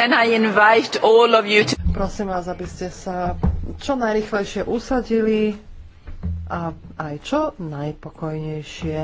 Can I invite all of you to... Prosím vás, aby ste sa čo najrychlejšie usadili a aj čo najpokojnejšie.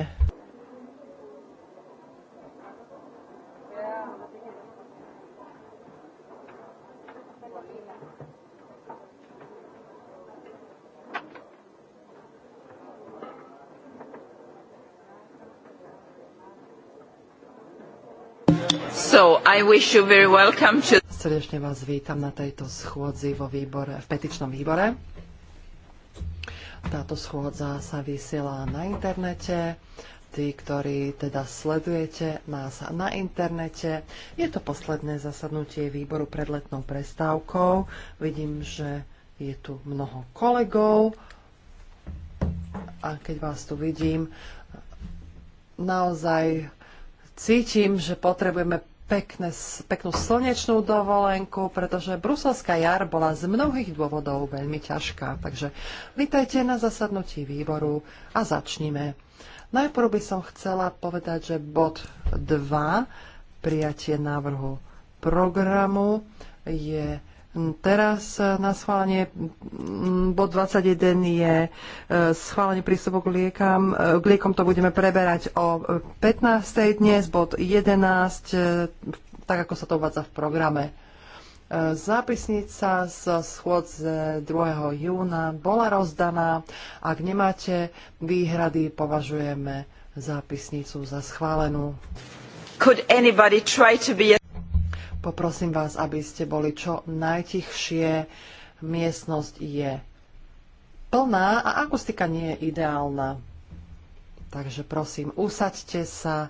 To... Srdečne vás vítam na tejto schôdzi vo výbore, v petičnom výbore. Táto schôdza sa vysiela na internete. Tí, ktorí teda sledujete nás na internete, je to posledné zasadnutie výboru pred letnou prestávkou. Vidím, že je tu mnoho kolegov. A keď vás tu vidím, naozaj cítim, že potrebujeme pekné, peknú slnečnú dovolenku, pretože bruselská jar bola z mnohých dôvodov veľmi ťažká. Takže vítajte na zasadnutí výboru a začnime. Najprv by som chcela povedať, že bod 2, prijatie návrhu programu, je Teraz na schválenie mm, bod 21 je e, schválenie prístupu k liekam. E, k liekom to budeme preberať o 15. dnes, bod 11, e, tak ako sa to uvádza v programe. Zápisnica z z 2. júna bola rozdaná. Ak nemáte výhrady, považujeme zápisnicu za schválenú. Could anybody try to be a... Poprosím vás, aby ste boli čo najtichšie. Miestnosť je plná a akustika nie je ideálna. Takže prosím, usaďte sa,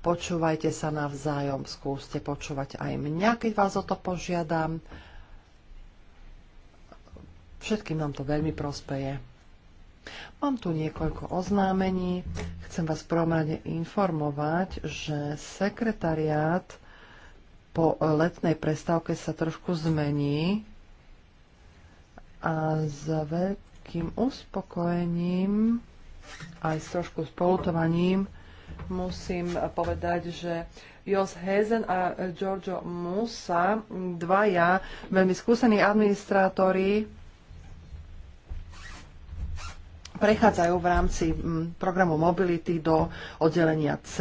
počúvajte sa navzájom, skúste počúvať aj mňa, keď vás o to požiadam. Všetkým nám to veľmi prospeje. Mám tu niekoľko oznámení. Chcem vás v prvom rade informovať, že sekretariát po letnej prestávke sa trošku zmení a s veľkým uspokojením aj s trošku spolutovaním musím povedať, že Jos Hezen a Giorgio Musa, dvaja veľmi skúsení administrátori, prechádzajú v rámci mm, programu Mobility do oddelenia C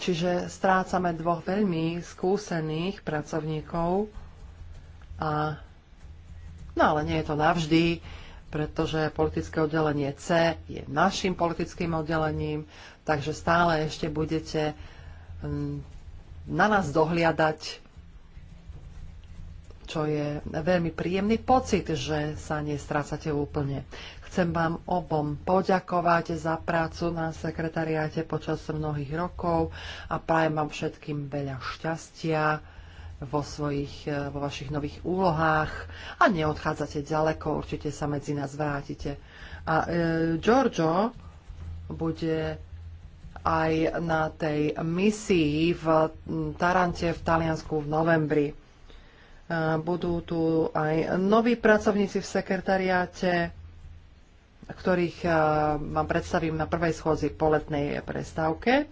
Čiže strácame dvoch veľmi skúsených pracovníkov. A, no ale nie je to navždy, pretože politické oddelenie C je našim politickým oddelením, takže stále ešte budete mm, na nás dohliadať, čo je veľmi príjemný pocit, že sa nestrácate úplne. Chcem vám obom poďakovať za prácu na sekretariáte počas mnohých rokov a prajem vám všetkým veľa šťastia vo, svojich, e, vo vašich nových úlohách a neodchádzate ďaleko, určite sa medzi nás vrátite. A e, Giorgio bude aj na tej misii v Tarante v Taliansku v novembri. E, budú tu aj noví pracovníci v sekretariáte ktorých eh, vám predstavím na prvej schôdzi po letnej prestávke.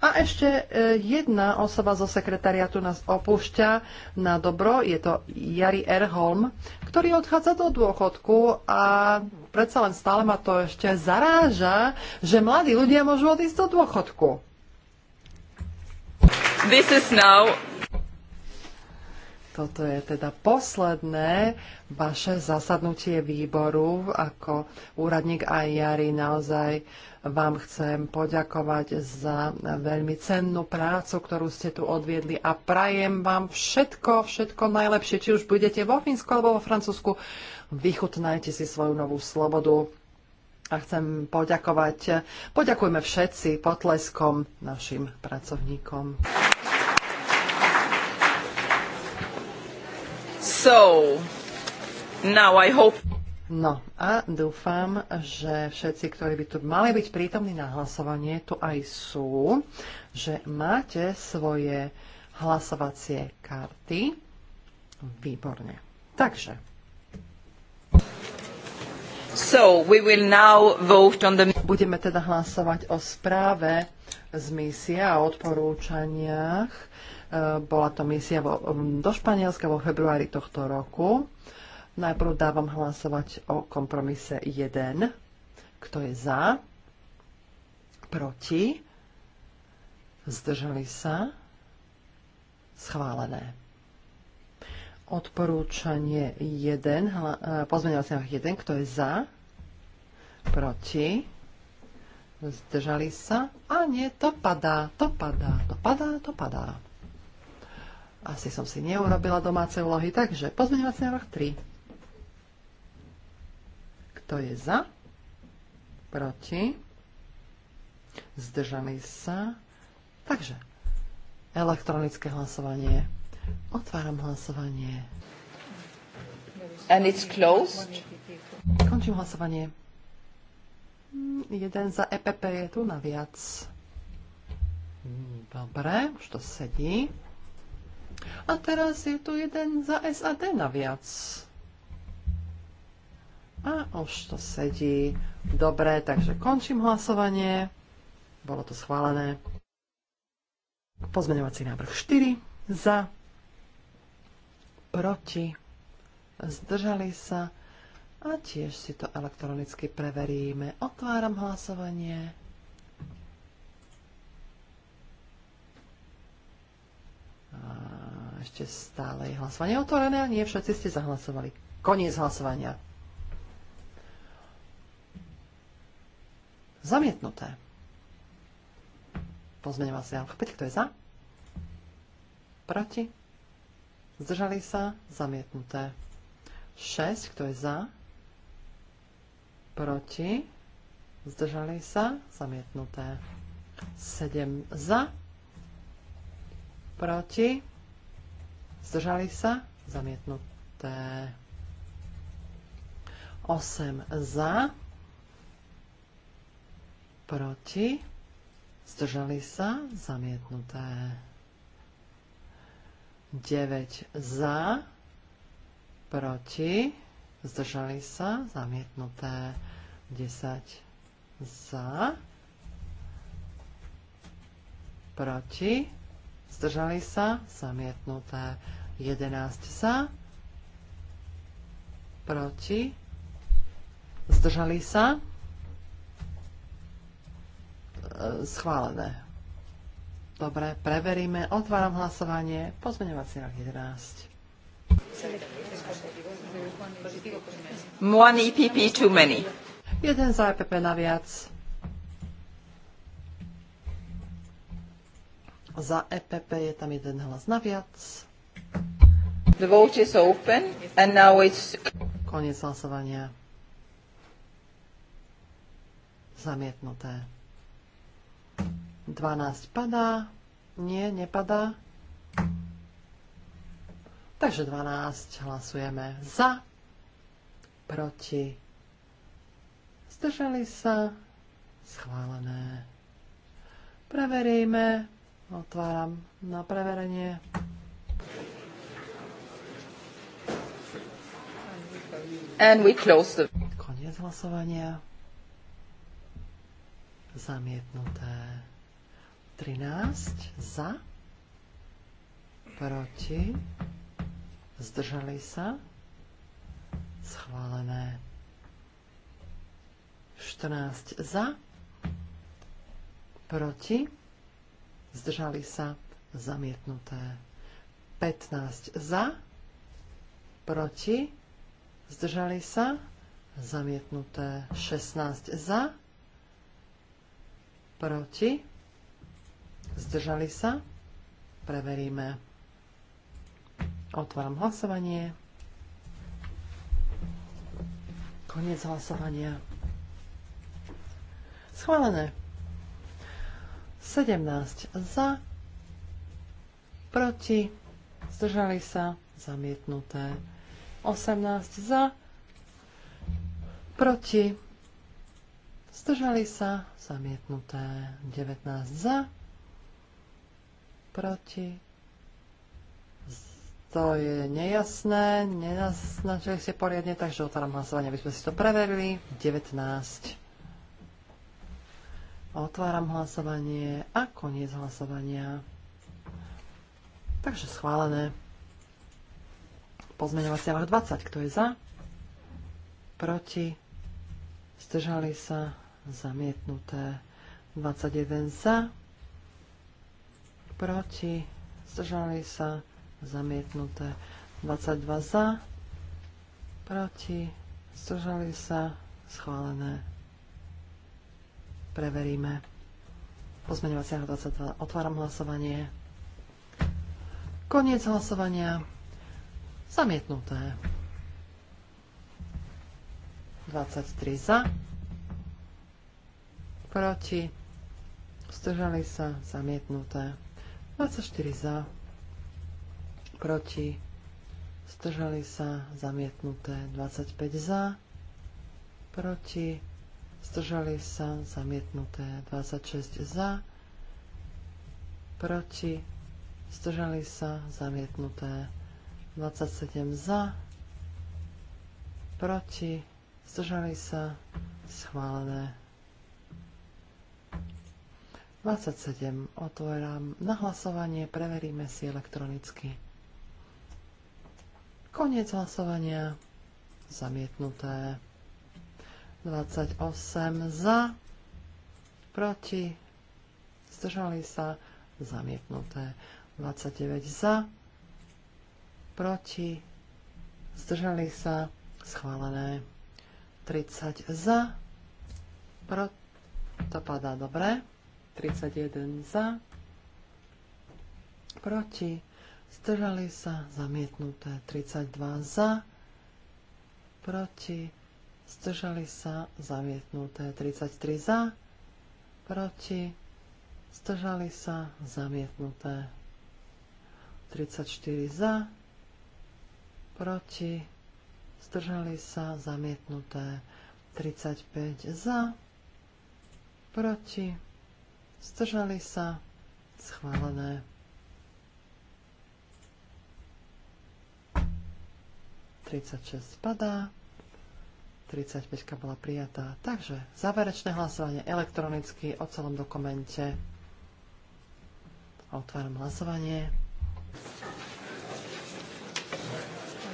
A ešte eh, jedna osoba zo sekretariatu nás opúšťa na dobro, je to Jari Erholm, ktorý odchádza do dôchodku a predsa len stále ma to ešte zaráža, že mladí ľudia môžu odísť do dôchodku. This is now toto je teda posledné vaše zasadnutie výboru. Ako úradník aj Jari naozaj vám chcem poďakovať za veľmi cennú prácu, ktorú ste tu odviedli a prajem vám všetko, všetko najlepšie. Či už budete vo Fínsku alebo vo Francúzsku, vychutnajte si svoju novú slobodu a chcem poďakovať. Poďakujme všetci potleskom našim pracovníkom. So, now I hope... No a dúfam, že všetci, ktorí by tu mali byť prítomní na hlasovanie, tu aj sú, že máte svoje hlasovacie karty. Výborne. Takže. So, we will now vote on the... Budeme teda hlasovať o správe z misie a odporúčaniach Eh, bola to misia vo, mm, do Španielska vo februári tohto roku. Najprv dávam hlasovať o kompromise 1. Kto je za? Proti? Zdržali sa? Schválené. Odporúčanie 1, eh, Pozmenil návrh 1, kto je za, proti, zdržali sa a nie, to padá, to padá, to padá, to padá. Asi som si neurobila domáce úlohy, takže pozmeňovací návrh 3. Kto je za? Proti? Zdržali sa? Takže, elektronické hlasovanie. Otváram hlasovanie. And it's closed. Končím hlasovanie. Jeden za EPP je tu naviac. Dobre, už to sedí. A teraz je tu jeden za SAD naviac. A už to sedí. Dobre, takže končím hlasovanie. Bolo to schválené. Pozmeňovací návrh 4 za, proti, zdržali sa a tiež si to elektronicky preveríme. Otváram hlasovanie. A ešte stále je hlasovanie otvorené. Nie všetci ste zahlasovali. Koniec hlasovania. Zamietnuté. vás ja. 5. Kto je za? Proti? Zdržali sa? Zamietnuté. 6. Kto je za? Proti? Zdržali sa? Zamietnuté. 7 za. Proti? Zdržali sa? Zamietnuté. 8 za. Proti. Zdržali sa? Zamietnuté. 9 za. Proti. Zdržali sa? Zamietnuté. 10 za. Proti zdržali sa, zamietnuté. 11 za, proti, zdržali sa, e, schválené. Dobre, preveríme. Otváram hlasovanie. Pozmeňovací rok 11. One EPP too many. Jeden za EPP naviac. Za EPP je tam jeden hlas naviac. The vote is open and now it's... Koniec hlasovania. Zamietnuté. 12 padá. Nie, nepadá. Takže 12 hlasujeme za, proti, zdržali sa, schválené. Preveríme. Otváram na preverenie. And we close the... Koniec hlasovania. Zamietnuté. 13 za, proti, zdržali sa, schválené. 14 za, proti, zdržali sa, zamietnuté. 15 za, proti, zdržali sa, zamietnuté. 16 za, proti, zdržali sa, preveríme. Otváram hlasovanie. Koniec hlasovania. Schválené. 17 za, proti, zdržali sa, zamietnuté. 18 za, proti, zdržali sa, zamietnuté. 19 za, proti, to je nejasné, nenaznačili ste poriadne, takže otváram hlasovanie, aby sme si to preverili. 19. Otváram hlasovanie a koniec hlasovania. Takže schválené. Pozmeňovací návrh 20. Kto je za? Proti? Zdržali sa? Zamietnuté. 21 za. Proti? Zdržali sa? Zamietnuté. 22 za. Proti? Zdržali sa? Schválené preveríme. Pozmeňovacia 22. Otváram hlasovanie. Koniec hlasovania. Zamietnuté. 23 za. Proti. Zdržali sa. Zamietnuté. 24 za. Proti. Zdržali sa. Zamietnuté. 25 za. Proti zdržali sa, zamietnuté 26 za, proti, zdržali sa, zamietnuté 27 za, proti, zdržali sa, schválené 27. Otvorám na hlasovanie, preveríme si elektronicky. Koniec hlasovania, zamietnuté 28 za, proti, zdržali sa, zamietnuté. 29 za, proti, zdržali sa, schválené. 30 za, proti, to padá dobre. 31 za, proti, zdržali sa, zamietnuté. 32 za, proti, zdržali sa zamietnuté 33 za, proti, zdržali sa zamietnuté 34 za, proti, zdržali sa zamietnuté 35 za, proti, zdržali sa schválené 36 padá. 35 bola prijatá. Takže záverečné hlasovanie elektronicky o celom dokumente. Otváram hlasovanie.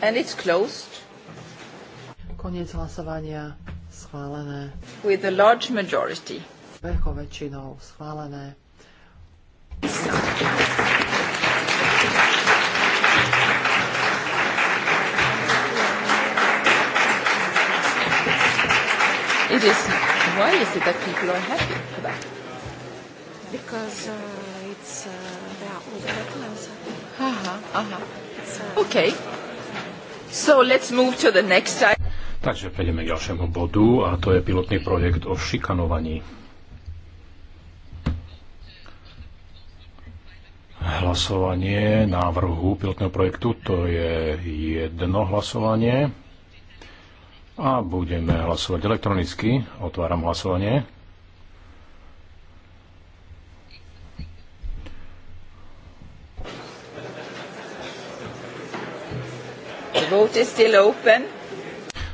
And it's closed. Koniec hlasovania schválené. With a large majority. Veľkou väčšinou schválené. Thank you. it is. Why is it that people are happy for that? Because uh, it's uh, they are older the wetlands. Uh-huh, uh-huh. uh Okay. So let's move to the next item. Takže prejdeme k ďalšiemu bodu a to je pilotný projekt o šikanovaní. Hlasovanie návrhu pilotného projektu to je jedno hlasovanie. A budeme hlasovať elektronicky. Otváram hlasovanie.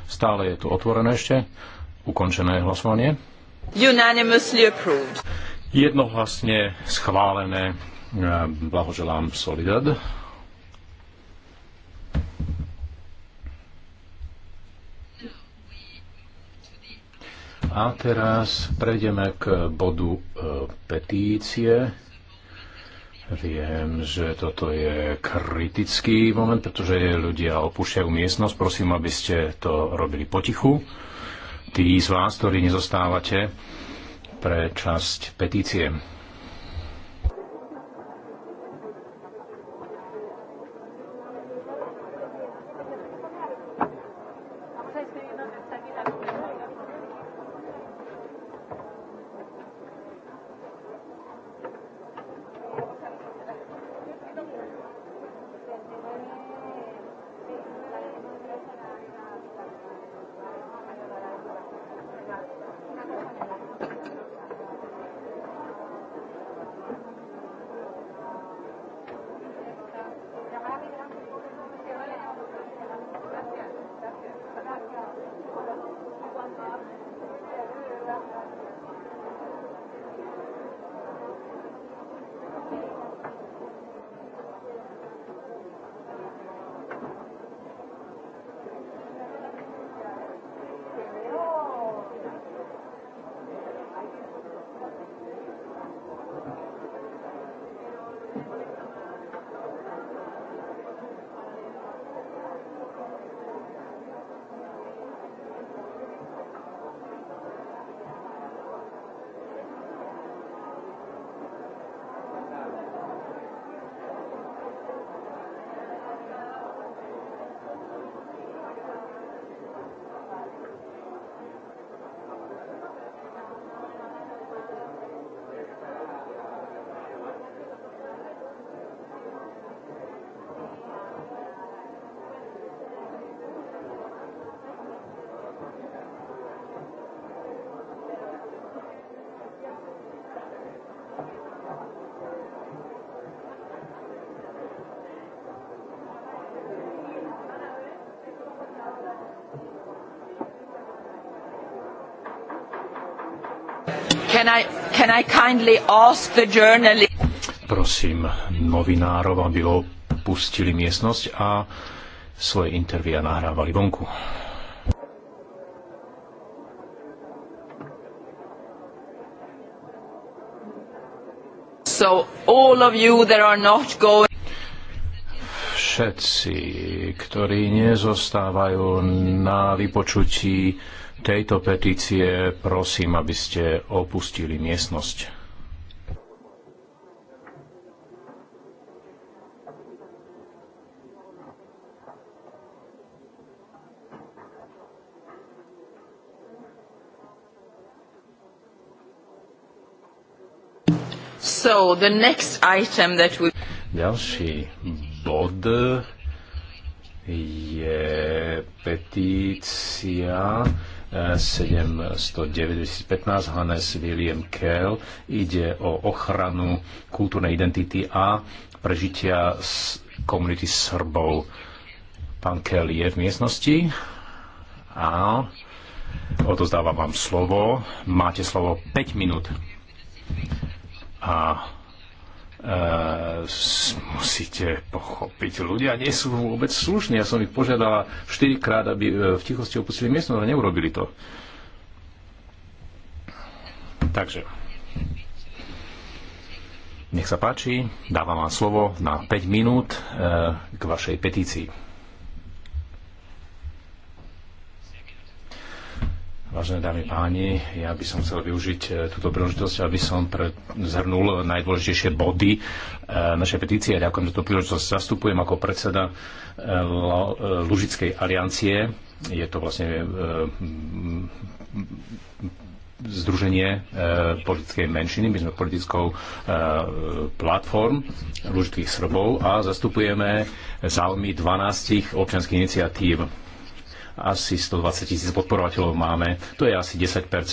Stále je tu otvorené ešte. Ukončené hlasovanie. Unanimously approved. Jednohlasne schválené. Blahoželám Solidad. A teraz prejdeme k bodu e, petície. Viem, že toto je kritický moment, pretože ľudia opúšťajú miestnosť. Prosím, aby ste to robili potichu. Tí z vás, ktorí nezostávate pre časť petície. Can I, can I kindly ask the journalist... Prosím novinárov, aby opustili miestnosť a svoje intervia nahrávali vonku. So all of you that are not going všetci, ktorí nezostávajú na vypočutí tejto petície prosím, aby ste opustili miestnosť. So the next item that we... Ďalší bod je petícia 709-2015 Hannes William Kell. Ide o ochranu kultúrnej identity a prežitia z komunity Srbov. Pán Kell je v miestnosti a odozdávam vám slovo. Máte slovo 5 minút. A Eh, musíte pochopiť, ľudia nie sú vôbec slušní. Ja som ich požiadala štyrikrát, aby eh, v tichosti opustili miestnosť a neurobili to. Takže, nech sa páči, dávam vám slovo na 5 minút eh, k vašej petícii. Vážené dámy páni, ja by som chcel využiť e, túto príležitosť, aby som zhrnul najdôležitejšie body e, našej petície. Ďakujem za tú príležitosť. Zastupujem ako predseda e, Lužickej aliancie. Je to vlastne Združenie politickej menšiny, my sme politickou platform Lužických Srbov a zastupujeme záujmy 12 občanských iniciatív asi 120 tisíc podporovateľov máme. To je asi 10 eh,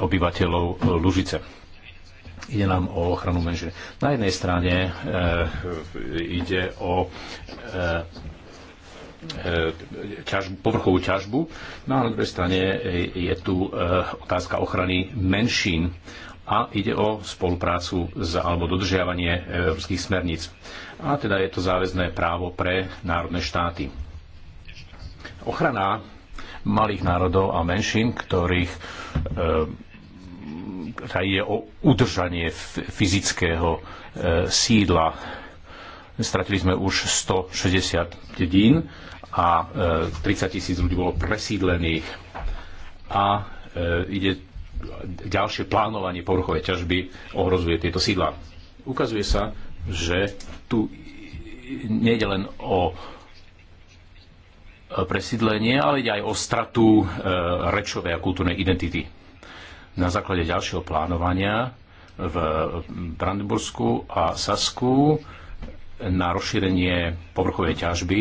obyvateľov eh, Lužice. Ide nám o ochranu menšiny. Na jednej strane eh, ide o ťažbu, povrchovú ťažbu. No a na druhej strane je tu otázka ochrany menšín a ide o spoluprácu za, alebo dodržiavanie európskych smerníc. A teda je to záväzné právo pre národné štáty ochrana malých národov a menšín, ktorých e, teda je o udržanie fyzického e, sídla. Stratili sme už 160 dedín a e, 30 tisíc ľudí bolo presídlených a e, ide ďalšie plánovanie povrchovej ťažby ohrozuje tieto sídla. Ukazuje sa, že tu nejde len o presídlenie, ale ide aj o stratu e, rečovej a kultúrnej identity. Na základe ďalšieho plánovania v Brandenbursku a Sasku na rozšírenie povrchovej ťažby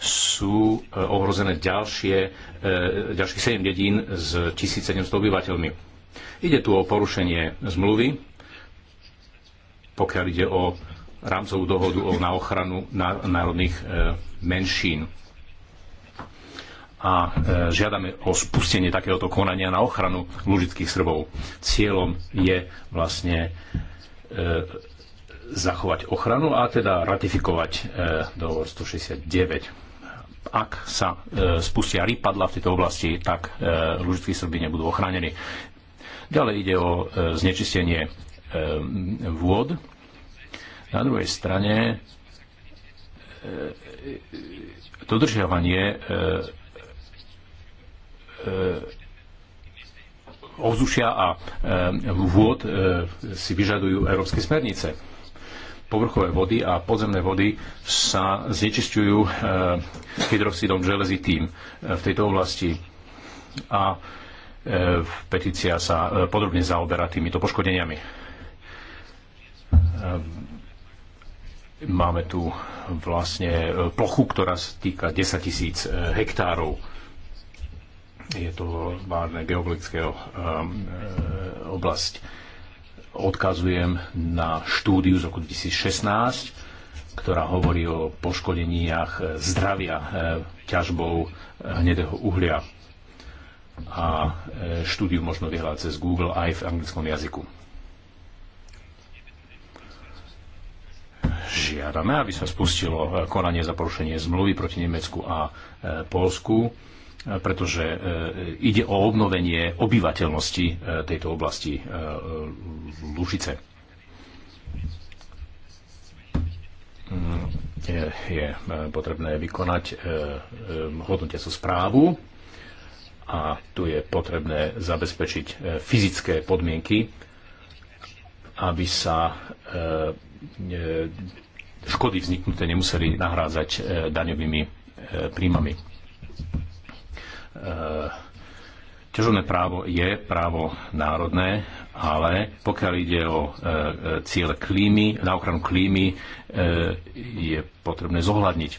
sú e, ohrozené ďalšie, e, ďalších 7 dedín s 1700 obyvateľmi. Ide tu o porušenie zmluvy, pokiaľ ide o rámcovú dohodu o, na ochranu národných menšín a e, žiadame o spustenie takéhoto konania na ochranu lužických Srbov. Cieľom je vlastne e, zachovať ochranu a teda ratifikovať e, dohovor 169 ak sa spustia rýpadla v tejto oblasti, tak e, lužickí Srby nebudú ochránení. Ďalej ide o znečistenie vôd. Na druhej strane dodržiavanie E, Ovzušia a e, vôd e, si vyžadujú európske smernice. Povrchové vody a podzemné vody sa znečisťujú hydroxidom železitým v tejto oblasti. A petícia sa podrobne zaoberá týmito poškodeniami. Máme tu vlastne plochu, ktorá týka 10 tisíc hektárov je to várne geoglického um, e, oblasť. Odkazujem na štúdiu z roku 2016, ktorá hovorí o poškodeniach e, zdravia e, ťažbou hnedého uhlia. A štúdiu možno vyhľadať cez Google aj v anglickom jazyku. žiadame, aby sa spustilo konanie za porušenie zmluvy proti Nemecku a Polsku E, pretože e, ide o obnovenie obyvateľnosti e, tejto oblasti Lužice. Mm, je, potrebné vykonať hodnotia sú správu a tu je potrebné zabezpečiť fyzické podmienky, aby sa škody vzniknuté nemuseli nahrádzať daňovými príjmami E, Ťažobné právo je právo národné, ale pokiaľ ide o e, e, ciele klímy, na ochranu klímy, e, je potrebné zohľadniť. E,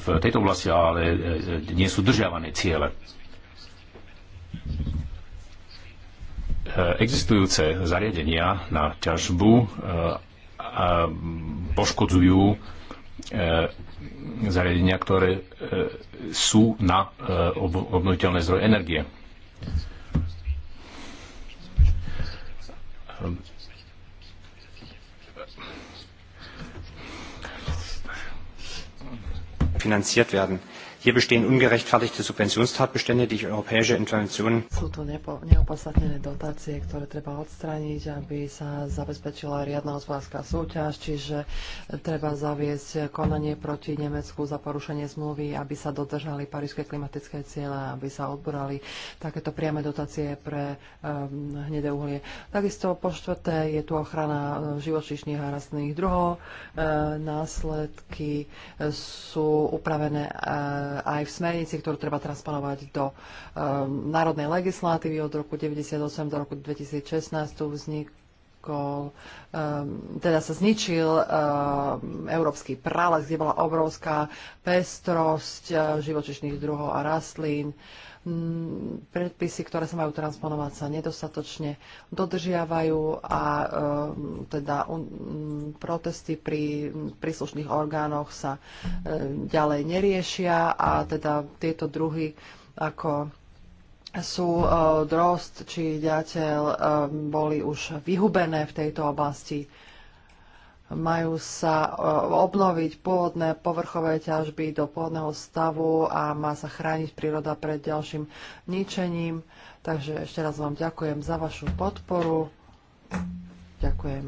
v tejto oblasti ale nie sú držiavané ciele. Existujúce zariadenia na ťažbu poškodzujú E, zariadenia, ktoré e, sú na e, obnoviteľné zdroje energie. finanziert werden. Hier bestehen ungerechtfertigte Subventionstatbestände, die europäische Interventionen... Sú tu nepo, neopodstatnené dotácie, ktoré treba odstrániť, aby sa zabezpečila riadna hospodárska súťaž, čiže treba zaviesť konanie proti Nemecku za porušenie zmluvy, aby sa dodržali parížske klimatické ciele, aby sa odborali takéto priame dotácie pre um, hnedé uhlie. Takisto po štvrté je tu ochrana e, živočíšnych a rastných druhov. E, následky e, sú upravené e, aj v smernici, ktorú treba transponovať do um, národnej legislatívy od roku 1998 do roku 2016. Tu vznikol, um, teda sa zničil um, európsky prales, kde bola obrovská pestrosť uh, živočišných druhov a rastlín. Uh, Mm, predpisy, ktoré sa majú transponovať, sa nedostatočne dodržiavajú a ehm, teda mm, protesty pri príslušných orgánoch sa ehm, ďalej neriešia a teda tieto druhy ako sú ehm, drost či ďateľ boli už vyhubené v tejto oblasti majú sa e, obnoviť pôvodné povrchové ťažby do pôvodného stavu a má sa chrániť príroda pred ďalším ničením. Takže ešte raz vám ďakujem za vašu podporu. Ďakujem.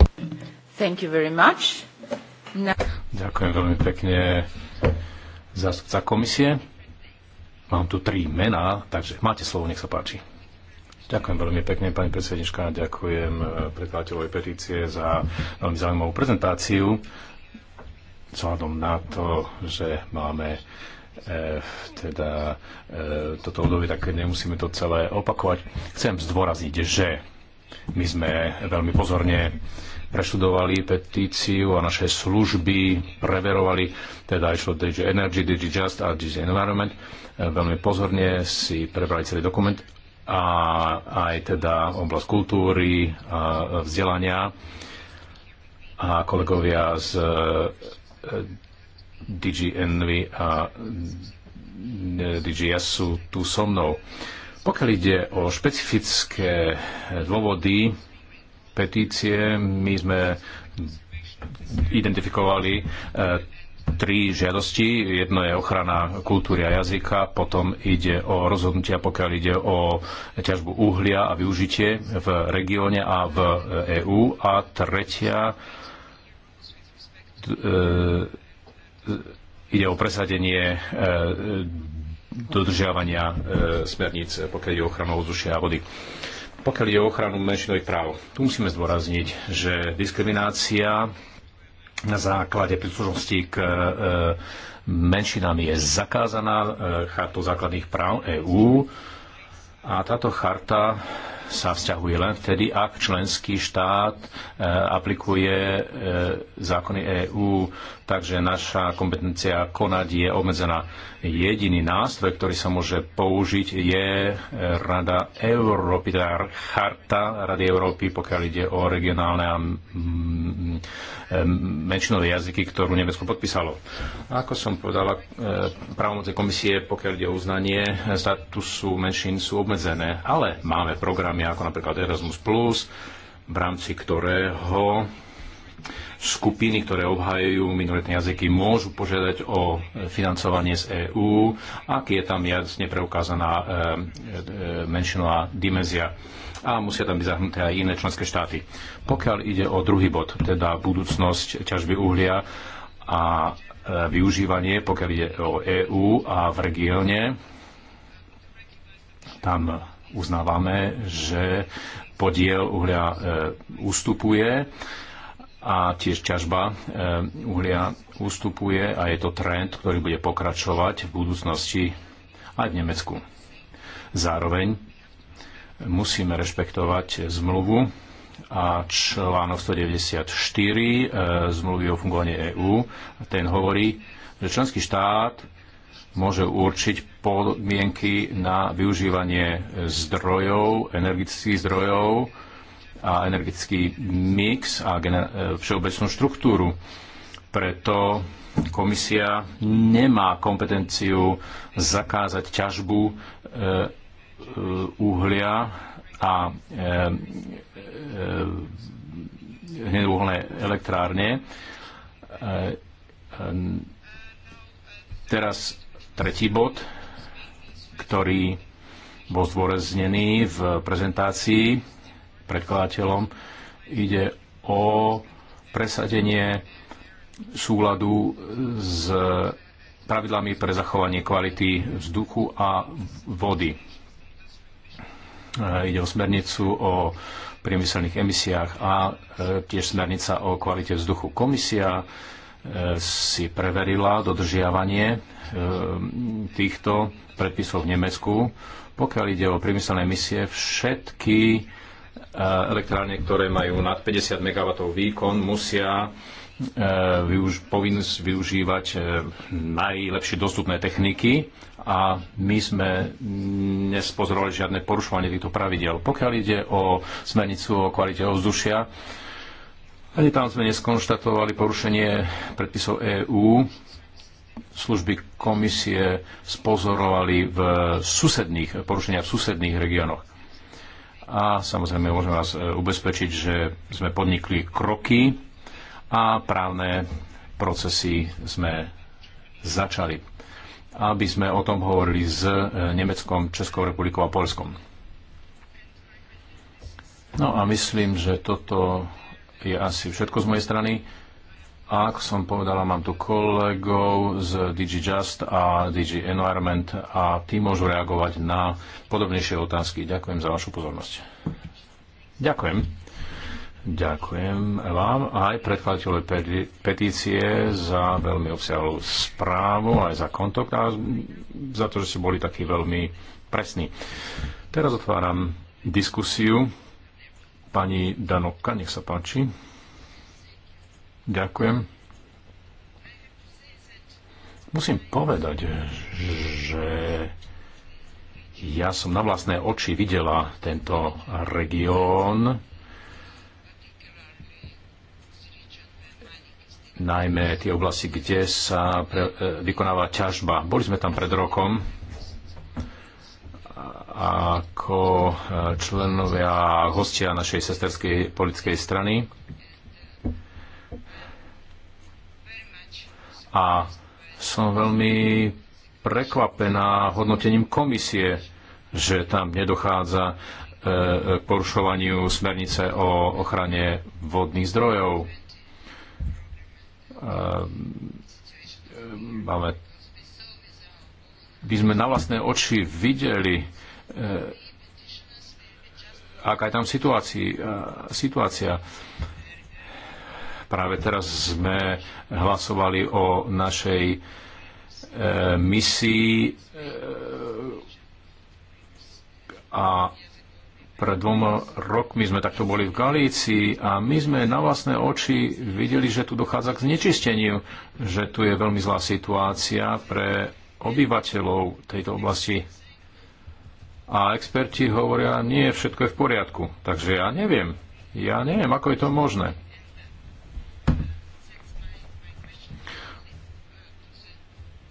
Thank you very much. No. Ďakujem veľmi pekne zástupca komisie. Mám tu tri mená, takže máte slovo, nech sa páči. Ďakujem veľmi pekne, pani predsednička. Ďakujem e, predkladateľovi petície za veľmi zaujímavú prezentáciu. Vzhľadom na to, že máme e, teda e, toto obdobie, tak nemusíme to celé opakovať. Chcem zdôraziť, že my sme veľmi pozorne preštudovali petíciu a naše služby preverovali, teda išlo Digi Energy, DG Just a DG Environment. E, veľmi pozorne si prebrali celý dokument a aj teda oblasť kultúry a vzdelania a kolegovia z eh, DG Envy a eh, DGS sú tu so mnou. Pokiaľ ide o špecifické eh, dôvody petície, my sme identifikovali tri žiadosti. Jedno je ochrana kultúry a jazyka, potom ide o rozhodnutia, pokiaľ ide o ťažbu uhlia a využitie v regióne a v EÚ. A tretia e, ide o presadenie e, dodržiavania e, smerníc, pokiaľ ide o ochranu ovzdušia a vody. Pokiaľ ide o ochranu menšinových práv, tu musíme zdôrazniť, že diskriminácia na základe príslušnosti k e, menšinám je zakázaná e, chartou základných práv EÚ a táto charta sa vzťahuje len vtedy, ak členský štát e, aplikuje zákony EÚ takže naša kompetencia konať je obmedzená. Jediný nástroj, ktorý sa môže použiť, je Rada Európy, teda Charta Rady Európy, pokiaľ ide o regionálne a menšinové jazyky, ktorú Nemecko podpísalo. Ako som povedala, e, právomocné komisie, pokiaľ ide o uznanie statusu menšín, sú obmedzené, ale máme programy ako napríklad Erasmus+, v rámci ktorého skupiny, ktoré obhajujú minoritné jazyky, môžu požiadať o e, financovanie z EÚ, ak je tam jasne preukázaná e, e, menšinová dimenzia a musia tam byť zahnuté aj iné členské štáty. Pokiaľ ide o druhý bod, teda budúcnosť ťažby uhlia a využívanie, pokiaľ ide o EÚ a v regióne, tam uznávame, že podiel uhlia e, ustupuje a tiež ťažba e, uhlia ústupuje a je to trend, ktorý bude pokračovať v budúcnosti aj v Nemecku. Zároveň musíme rešpektovať zmluvu a článok 194 e, zmluvy o fungovaní EÚ. Ten hovorí, že členský štát môže určiť podmienky na využívanie zdrojov, energetických zdrojov, a energetický mix a e, všeobecnú štruktúru. Preto komisia nemá kompetenciu zakázať ťažbu e, e, uhlia a hnedúholné elektrárne. Teraz tretí bod, ktorý bol zdôraznený v prezentácii predkladateľom. Ide o presadenie súladu s pravidlami pre zachovanie kvality vzduchu a vody. E, ide o smernicu o priemyselných emisiách a e, tiež smernica o kvalite vzduchu. Komisia e, si preverila dodržiavanie týchto predpisov v Nemecku. Pokiaľ ide o priemyselné emisie, všetky elektrárne, ktoré majú nad 50 MW výkon, musia e, povinnosť využívať e, najlepšie dostupné techniky a my sme nespozorovali žiadne porušovanie týchto pravidel. Pokiaľ ide o smernicu o kvalite ovzdušia, ani tam sme neskonštatovali porušenie predpisov EÚ. Služby komisie spozorovali v susedných, porušenia v susedných regiónoch a samozrejme môžeme vás e, ubezpečiť, že sme podnikli kroky a právne procesy sme začali, aby sme o tom hovorili s e, Nemeckom, Českou republikou a Polskom. No a myslím, že toto je asi všetko z mojej strany. A ako som povedala, mám tu kolegov z DigiJust a Digi Environment a tí môžu reagovať na podobnejšie otázky. Ďakujem za vašu pozornosť. Ďakujem. Ďakujem vám aj predkladateľovi petície za veľmi obsiahlu správu, aj za kontakt a za to, že ste boli takí veľmi presní. Teraz otváram diskusiu. Pani Danoka, nech sa páči. Ďakujem. Musím povedať, že ja som na vlastné oči videla tento región, najmä tie oblasti, kde sa pre, e, vykonáva ťažba. Boli sme tam pred rokom ako e, členovia hostia našej sesterskej politickej strany A som veľmi prekvapená hodnotením komisie, že tam nedochádza e, e, k porušovaniu smernice o ochrane vodných zdrojov. E, máme, by sme na vlastné oči videli, aká je tam situácia. situácia. Práve teraz sme hlasovali o našej e, misii e, a pred dvoma rokmi sme takto boli v Galícii a my sme na vlastné oči videli, že tu dochádza k znečisteniu, že tu je veľmi zlá situácia pre obyvateľov tejto oblasti. A experti hovoria, nie, všetko je v poriadku. Takže ja neviem. Ja neviem, ako je to možné.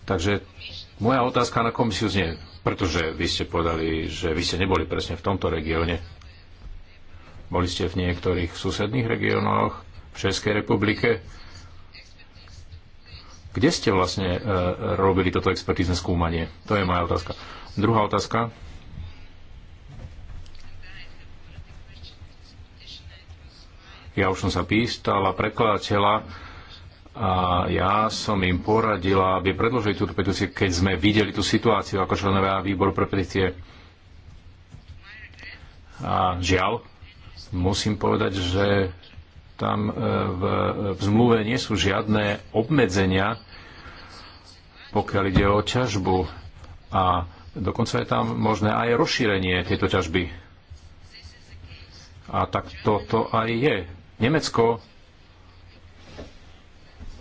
Takže moja otázka na komisiu znie, pretože vy ste povedali, že vy ste neboli presne v tomto regióne. Boli ste v niektorých susedných regiónoch, v Českej republike. Kde ste vlastne e, robili toto expertízne skúmanie? To je moja otázka. Druhá otázka. Ja už som sa pýtal a prekladateľa, a ja som im poradila, aby predložili túto petíciu, keď sme videli tú situáciu ako členovia výboru pre petície. A žiaľ, musím povedať, že tam e, v, v zmluve nie sú žiadne obmedzenia, pokiaľ ide o ťažbu. A dokonca je tam možné aj rozšírenie tejto ťažby. A tak toto aj je. Nemecko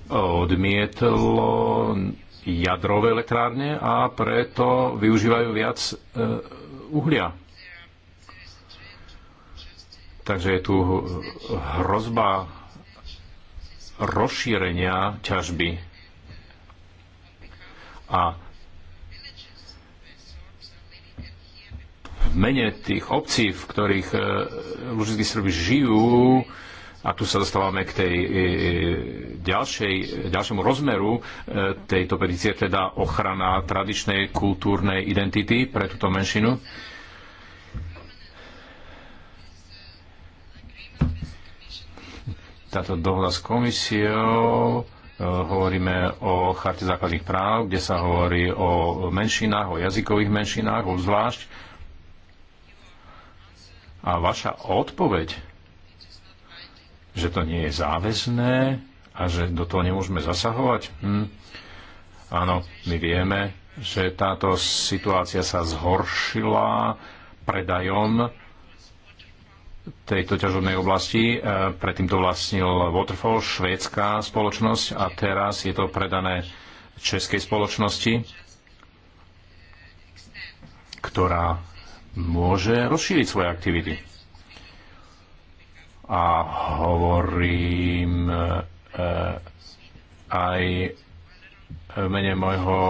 odmietlo jadrové elektrárne a preto využívajú viac e, uhlia. Takže je tu hrozba rozšírenia ťažby. A v mene tých obcí, v ktorých e, lužickí Srby žijú, a tu sa dostávame k tej e, e, ďalšej, ďalšiemu rozmeru e, tejto petície, teda ochrana tradičnej kultúrnej identity pre túto menšinu. Táto dohoda s komisiou hovoríme o charte základných práv, kde sa hovorí o menšinách, o jazykových menšinách, obzvlášť. A vaša odpoveď že to nie je záväzné a že do toho nemôžeme zasahovať? Hm. Áno, my vieme, že táto situácia sa zhoršila predajom tejto ťažobnej oblasti. E, predtým to vlastnil Waterfall, švédska spoločnosť a teraz je to predané českej spoločnosti, ktorá môže rozšíriť svoje aktivity a hovorím e, aj mene mojho,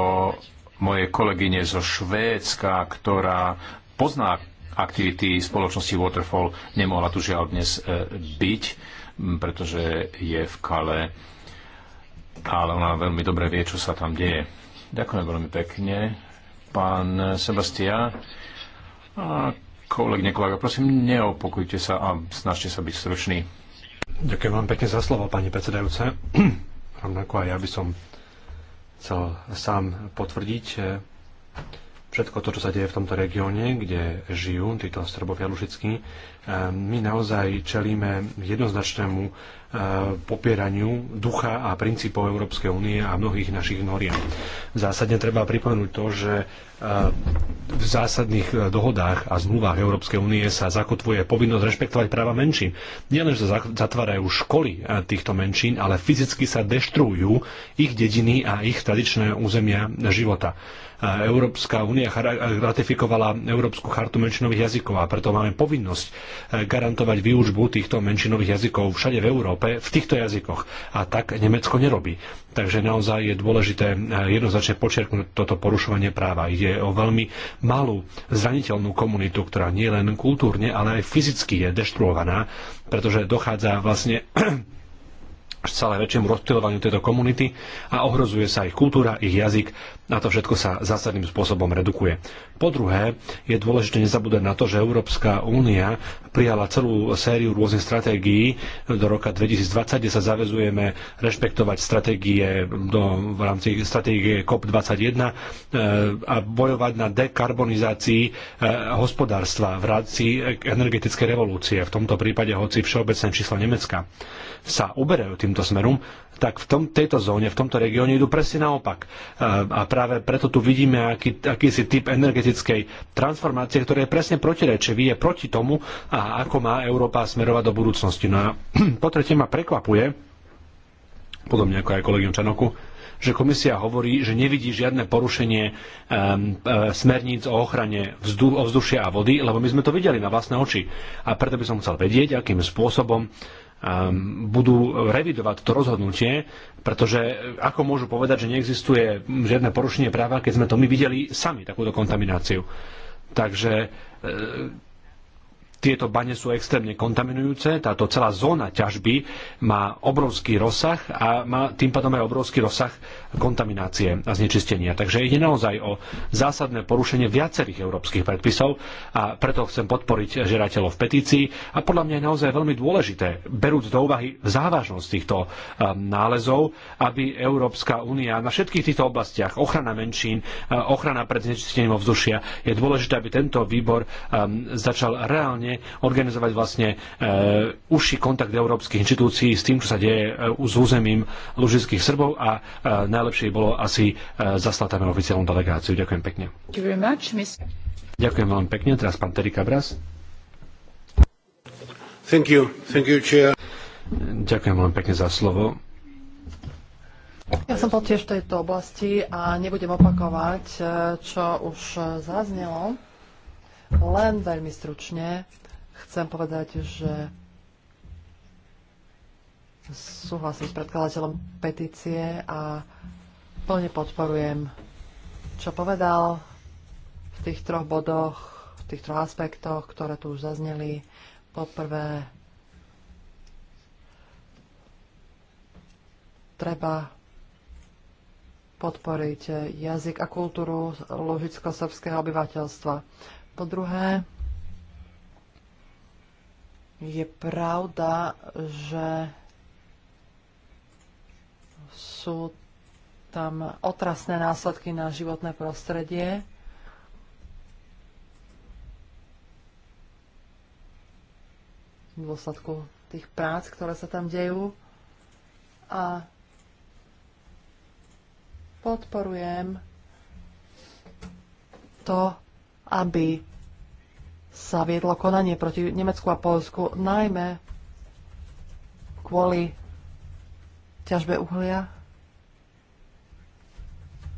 mojej kolegyne zo Švédska, ktorá pozná aktivity spoločnosti Waterfall. Nemohla tu žiaľ dnes e, byť, pretože je v Kale, ale ona veľmi dobre vie, čo sa tam deje. Ďakujem veľmi pekne. Pán Sebastian. Kolegne kolega, prosím, neopokojte sa a snažte sa byť stručný. Ďakujem vám pekne za slovo, pani predsedajúce. Rovnako aj ja by som chcel sám potvrdiť všetko to, čo sa deje v tomto regióne, kde žijú títo Srbovia Lužickí, e, my naozaj čelíme jednoznačnému e, popieraniu ducha a princípov Európskej únie a mnohých našich noriem. Zásadne treba pripomenúť to, že e, v zásadných dohodách a zmluvách Európskej únie sa zakotvuje povinnosť rešpektovať práva menšín. Nielen, že sa zatvárajú školy týchto menšín, ale fyzicky sa deštrujú ich dediny a ich tradičné územia života. Európska únia ratifikovala Európsku chartu menšinových jazykov a preto máme povinnosť e, garantovať výučbu týchto menšinových jazykov všade v Európe v týchto jazykoch. A tak Nemecko nerobí. Takže naozaj je dôležité e, jednoznačne počerknúť toto porušovanie práva. Ide o veľmi malú zraniteľnú komunitu, ktorá nie len kultúrne, ale aj fyzicky je deštruovaná, pretože dochádza vlastne stále väčšiemu rozptilovaniu tejto komunity a ohrozuje sa ich kultúra, ich jazyk a to všetko sa zásadným spôsobom redukuje. Po druhé, je dôležité nezabúdať na to, že Európska únia prijala celú sériu rôznych stratégií do roka 2020, kde sa zavezujeme rešpektovať stratégie do, v rámci stratégie COP21 e, a bojovať na dekarbonizácii e, hospodárstva v rámci energetickej revolúcie, v tomto prípade hoci všeobecné čísla Nemecka sa uberajú týmto smerom, tak v tom, tejto zóne, v tomto regióne idú presne naopak. E, a práve preto tu vidíme aký, akýsi typ energetickej transformácie, ktoré je presne protirečivý, je proti tomu, a ako má Európa smerovať do budúcnosti. No a po tretie ma prekvapuje, podobne ako aj kolegium Čanoku, že komisia hovorí, že nevidí žiadne porušenie um, e, smerníc o ochrane vzdu, ovzdušia a vody, lebo my sme to videli na vlastné oči. A preto by som chcel vedieť, akým spôsobom Ehm, budú revidovať to rozhodnutie, pretože ako môžu povedať, že neexistuje žiadne porušenie práva, keď sme to my videli sami, takúto kontamináciu. Takže e, tieto bane sú extrémne kontaminujúce, táto celá zóna ťažby má obrovský rozsah a má tým pádom aj obrovský rozsah kontaminácie a znečistenia. Takže ide naozaj o zásadné porušenie viacerých európskych predpisov a preto chcem podporiť žerateľov v petícii a podľa mňa je naozaj veľmi dôležité, berúc do úvahy závažnosť týchto um, nálezov, aby Európska únia na všetkých týchto oblastiach ochrana menšín, uh, ochrana pred znečistením ovzdušia, je dôležité, aby tento výbor um, začal reálne globálne organizovať vlastne eh, užší kontakt európskych inštitúcií s tým, čo sa deje eh, s územím lužických Srbov a eh, najlepšie bolo asi zaslať tam oficiálnu delegáciu. Ďakujem pekne. Ďakujem veľmi pekne. Teraz pán Terika Bras. Thank you. Thank you, chair. Ďakujem veľmi pekne za slovo. Ja som bol tiež v tejto oblasti a nebudem opakovať, čo už zaznelo. Len veľmi stručne chcem povedať, že súhlasím s predkladateľom petície a plne podporujem, čo povedal v tých troch bodoch, v tých troch aspektoch, ktoré tu už zazneli. Poprvé, treba podporiť jazyk a kultúru ložicko srbského obyvateľstva. Po druhé, je pravda, že sú tam otrasné následky na životné prostredie. v dôsledku tých prác, ktoré sa tam dejú. A podporujem to, aby sa viedlo konanie proti Nemecku a Polsku, najmä kvôli ťažbe uhlia.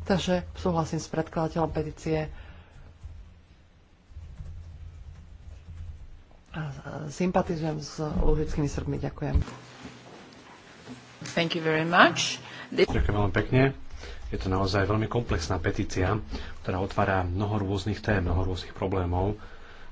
Takže súhlasím s predkladateľom petície a sympatizujem s lužickými Srbmi. Ďakujem. Thank you very much. Ďakujem veľmi pekne. Je to naozaj veľmi komplexná petícia, ktorá otvára mnoho rôznych tém, mnoho rôznych problémov.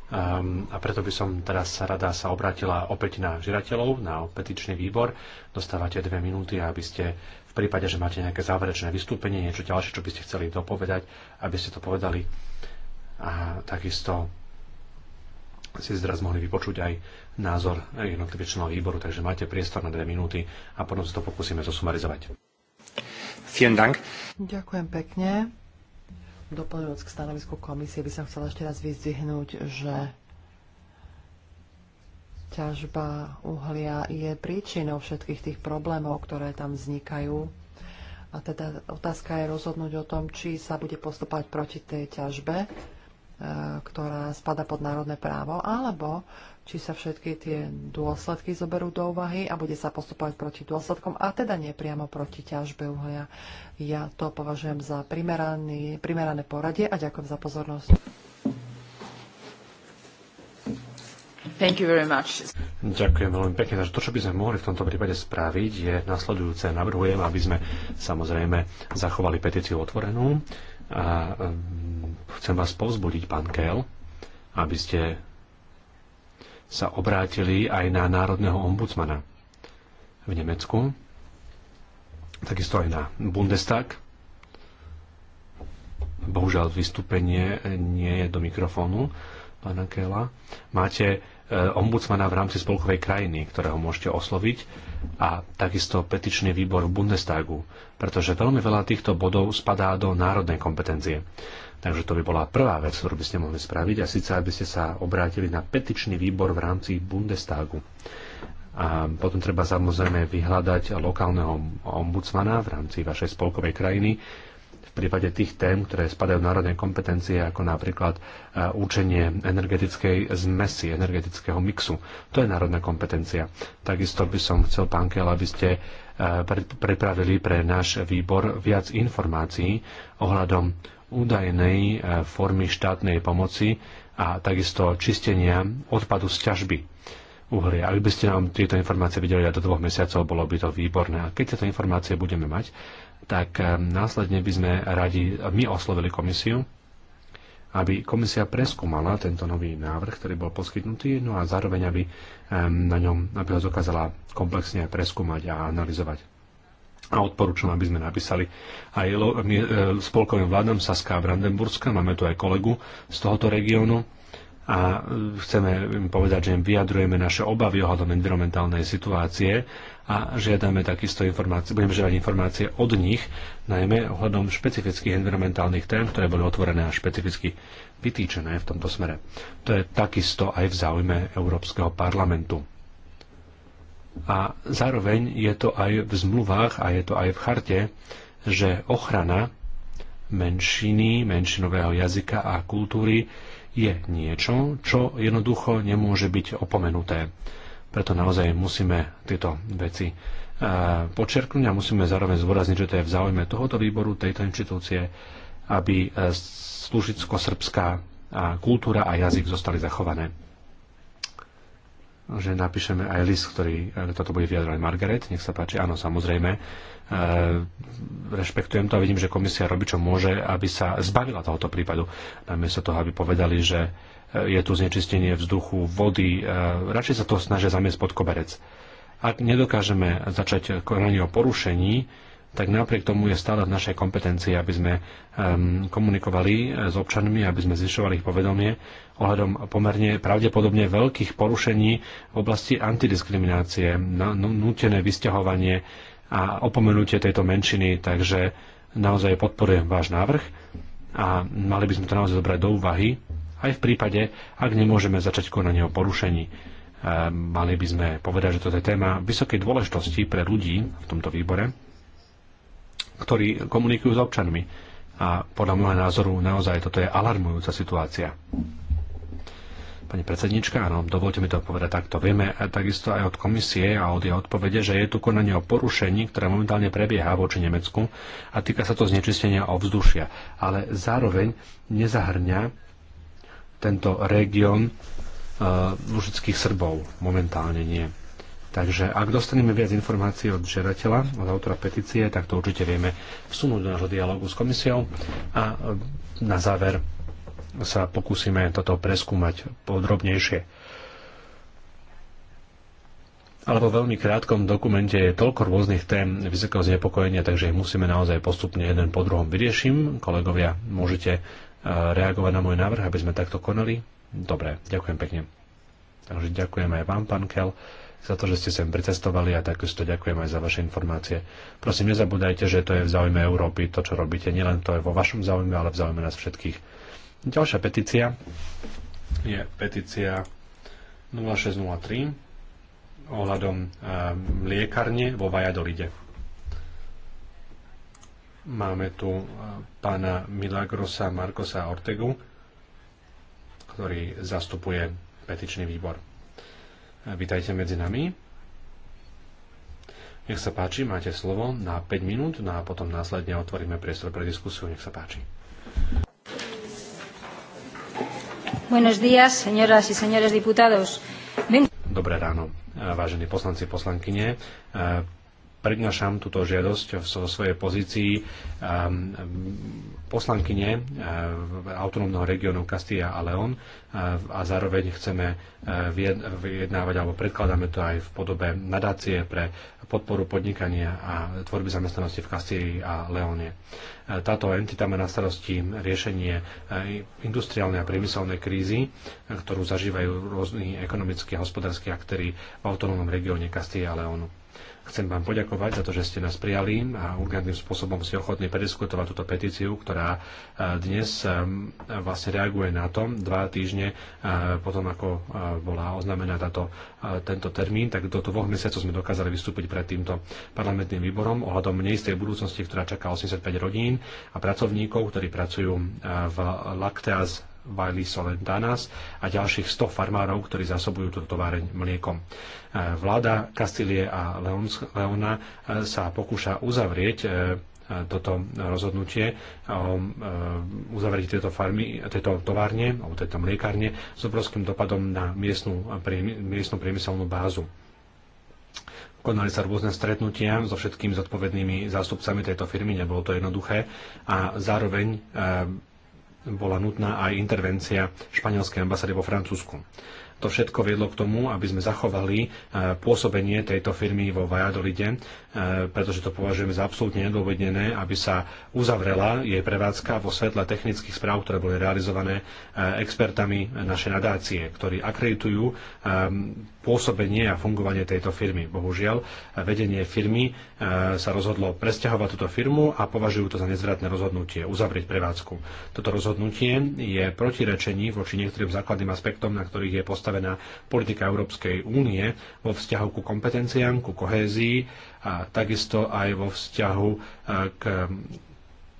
Um, a preto by som teraz rada sa obrátila opäť na žirateľov, na petičný výbor. Dostávate dve minúty, aby ste v prípade, že máte nejaké záverečné vystúpenie, niečo ďalšie, čo by ste chceli dopovedať, aby ste to povedali. A takisto si zraz mohli vypočuť aj názor jednotlivých členov výboru, takže máte priestor na dve minúty a potom sa to pokúsime zosumarizovať. Vielen Dank. Ďakujem pekne. Doplňujúc k stanovisku komisie by som chcela ešte raz vyzdvihnúť, že ťažba uhlia je príčinou všetkých tých problémov, ktoré tam vznikajú. A teda otázka je rozhodnúť o tom, či sa bude postupovať proti tej ťažbe, e, ktorá spada pod národné právo, alebo či sa všetky tie dôsledky zoberú do úvahy a bude sa postupovať proti dôsledkom a teda nepriamo proti ťažbe uhlia. Ja to považujem za primeraný, primerané poradie a ďakujem za pozornosť. Thank you very much. Ďakujem veľmi pekne. Takže to, čo by sme mohli v tomto prípade spraviť, je nasledujúce. Navrhujem, aby sme samozrejme zachovali petíciu otvorenú. A ehm, chcem vás povzbudiť, pán Kel, aby ste sa obrátili aj na národného ombudsmana v Nemecku, takisto aj na Bundestag. Bohužiaľ, vystúpenie nie je do mikrofónu pána Kela. Máte e, ombudsmana v rámci spolkovej krajiny, ktorého môžete osloviť a takisto petičný výbor v Bundestagu, pretože veľmi veľa týchto bodov spadá do národnej kompetencie. Takže to by bola prvá vec, ktorú by ste mohli spraviť, a síce, aby ste sa obrátili na petičný výbor v rámci Bundestagu. A potom treba samozrejme vyhľadať lokálneho ombudsmana v rámci vašej spolkovej krajiny, v prípade tých tém, ktoré spadajú národnej kompetencie, ako napríklad učenie e, energetickej zmesi, energetického mixu. To je národná kompetencia. Takisto by som chcel, pán Kiel, aby ste e, pripravili pre náš výbor viac informácií ohľadom údajnej e, formy štátnej pomoci a takisto čistenia odpadu z ťažby uhlia. Ak by ste nám tieto informácie videli do dvoch mesiacov, bolo by to výborné. A keď tieto informácie budeme mať, tak e, následne by sme radi, my oslovili komisiu, aby komisia preskúmala tento nový návrh, ktorý bol poskytnutý, no a zároveň, aby na ňom, aby ho dokázala komplexne preskúmať a analyzovať a odporúčam, aby sme napísali aj e, spolkovým vládam Saská a Brandenburska, máme tu aj kolegu z tohoto regiónu a e, chceme im povedať, že im vyjadrujeme naše obavy ohľadom environmentálnej situácie a žiadame takisto informácie, budeme žiadať informácie od nich, najmä ohľadom špecifických environmentálnych tém, ktoré boli otvorené a špecificky vytýčené v tomto smere. To je takisto aj v záujme Európskeho parlamentu. A zároveň je to aj v zmluvách a je to aj v charte, že ochrana menšiny, menšinového jazyka a kultúry je niečo, čo jednoducho nemôže byť opomenuté. Preto naozaj musíme tieto veci e, počerknúť a musíme zároveň zvorazniť, že to je v záujme tohoto výboru, tejto inštitúcie, aby e, služicko-srbská kultúra a jazyk zostali zachované že napíšeme aj list, ktorý e, toto bude vyjadrať Margaret. Nech sa páči, áno, samozrejme. E, rešpektujem to a vidím, že komisia robí, čo môže, aby sa zbavila tohoto prípadu. Namiesto toho, aby povedali, že e, je tu znečistenie vzduchu, vody. E, radšej sa to snažia zamiesť pod koberec. Ak nedokážeme začať konanie o porušení, tak napriek tomu je stále v našej kompetencii, aby sme ehm, komunikovali eh, s občanmi, aby sme zvyšovali ich povedomie ohľadom pomerne pravdepodobne veľkých porušení v oblasti antidiskriminácie, nútené vysťahovanie a opomenutie tejto menšiny, takže naozaj podporujem váš návrh a mali by sme to naozaj zobrať do úvahy, aj v prípade, ak nemôžeme začať konanie o porušení. Ehm, mali by sme povedať, že toto je téma vysokej dôležitosti pre ľudí v tomto výbore, ktorí komunikujú s občanmi. A podľa môjho názoru naozaj toto je alarmujúca situácia. Pani predsednička, áno, dovolte mi to povedať takto. Vieme takisto aj od komisie a od jej odpovede, že je tu konanie o porušení, ktoré momentálne prebieha voči Nemecku a týka sa to znečistenia ovzdušia. Ale zároveň nezahrňa tento región uh, lužických Srbov. Momentálne nie. Takže ak dostaneme viac informácií od žiadateľa, od autora petície, tak to určite vieme vsunúť do nášho dialogu s komisiou a e, na záver sa pokúsime toto preskúmať podrobnejšie. Ale vo veľmi krátkom dokumente je toľko rôznych tém vysokého znepokojenia, takže ich musíme naozaj postupne jeden po druhom vyriešiť. Kolegovia, môžete e, reagovať na môj návrh, aby sme takto konali? Dobre, ďakujem pekne. Takže ďakujem aj vám, pán Kel za to, že ste sem pricestovali a takisto ďakujem aj za vaše informácie. Prosím, nezabúdajte, že to je v záujme Európy, to, čo robíte. Nielen to je vo vašom záujme, ale v záujme nás všetkých. Ďalšia petícia je petícia 0603 ohľadom ehm, liekarne vo Vajadolide. Máme tu e, pána Milagrosa Markosa Ortegu, ktorý zastupuje petičný výbor. Vítajte medzi nami. Nech sa páči, máte slovo na 5 minút no a potom následne otvoríme priestor pre diskusiu. Nech sa páči. Buenos días, señoras y señores diputados. Dobré ráno, vážení poslanci, poslankyne prednášam túto žiadosť vo svojej pozícii um, poslankyne uh, autonómneho regiónu Castilla a León uh, a zároveň chceme uh, vyjednávať alebo predkladáme to aj v podobe nadácie pre podporu podnikania a tvorby zamestnanosti v Castilla a Leóne. Táto entita má na starosti riešenie industriálnej a priemyselnej krízy, ktorú zažívajú rôzni ekonomickí a hospodárski aktéry v autonómnom regióne Castilla a Leónu. Chcem vám poďakovať za to, že ste nás prijali a urgentným spôsobom ste ochotní prediskutovať túto petíciu, ktorá e, dnes e, vlastne reaguje na to dva týždne e, potom, ako bola oznamená táto, tento termín, tak do dvoch mesiacov sme dokázali vystúpiť pred týmto parlamentným výborom ohľadom neistej budúcnosti, ktorá čaká 85 rodín a pracovníkov, ktorí pracujú v Lacteas Wiley Solentanas a ďalších 100 farmárov, ktorí zasobujú túto továreň mliekom. E, vláda Kastilie a Leona e, sa pokúša uzavrieť e, toto rozhodnutie o uzavretí tejto, farmy, tejto továrne alebo tejto mliekárne s obrovským dopadom na miestnu, miestnu priemyselnú bázu. Konali sa rôzne stretnutia so všetkými zodpovednými zástupcami tejto firmy, nebolo to jednoduché a zároveň bola nutná aj intervencia španielskej ambasády vo Francúzsku. To všetko viedlo k tomu, aby sme zachovali e, pôsobenie tejto firmy vo Vajadolide, e, pretože to považujeme za absolútne nedôvodnené, aby sa uzavrela jej prevádzka vo svetle technických správ, ktoré boli realizované e, expertami našej nadácie, ktorí akreditujú pôsobenie a fungovanie tejto firmy. Bohužiaľ, vedenie firmy e, sa rozhodlo presťahovať túto firmu a považujú to za nezvratné rozhodnutie uzavrieť prevádzku. Toto rozhodnutie je protirečení voči niektorým základným aspektom, na ktorých je postavená politika Európskej únie vo vzťahu ku kompetenciám, ku kohézii a takisto aj vo vzťahu e, k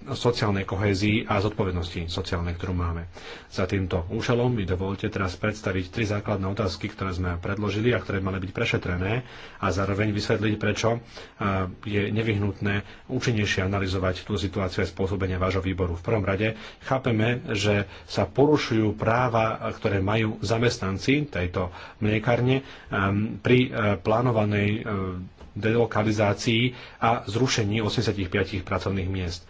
sociálnej kohézii a zodpovednosti sociálnej, ktorú máme. Za týmto účelom mi dovolte teraz predstaviť tri základné otázky, ktoré sme predložili a ktoré mali byť prešetrené a zároveň vysvetliť, prečo e, je nevyhnutné účinnejšie analyzovať tú situáciu a spôsobenie vášho výboru. V prvom rade chápeme, že sa porušujú práva, ktoré majú zamestnanci tejto mliekarne e, pri e, plánovanej delokalizácii a zrušení 85 pracovných miest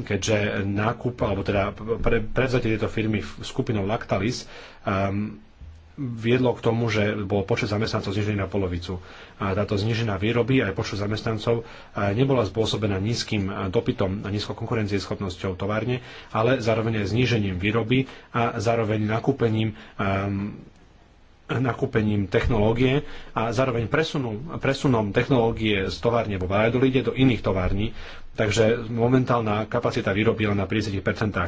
keďže nákup, alebo teda pre, prevzatie tejto firmy skupinou Lactalis um, viedlo k tomu, že bol počet zamestnancov znižený na polovicu. A táto znižená výroby aj počet zamestnancov uh, nebola spôsobená nízkym uh, dopytom a nízko konkurencieschopnosťou továrne, ale zároveň aj znížením výroby a zároveň nakúpením um, nakúpením technológie a zároveň presunom, presunom technológie z továrne vo Valladolide do iných tovární. Takže momentálna kapacita výroby len na 50%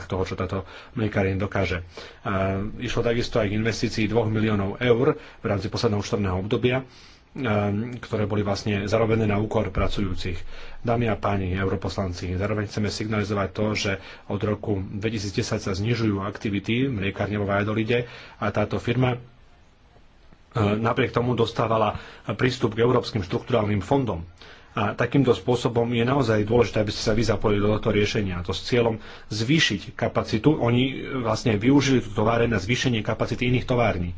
toho, čo táto mliekareň dokáže. A išlo takisto aj k investícii 2 miliónov eur v rámci posledného účtovného obdobia ktoré boli vlastne zarobené na úkor pracujúcich. Dámy a páni, europoslanci, zároveň chceme signalizovať to, že od roku 2010 sa znižujú aktivity mliekarne vo vajadolide a táto firma E, napriek tomu dostávala prístup k európskym štrukturálnym fondom. A takýmto spôsobom je naozaj dôležité, aby ste sa vy zapojili do tohto riešenia. a To s cieľom zvýšiť kapacitu. Oni vlastne využili tú továreň na zvýšenie kapacity iných tovární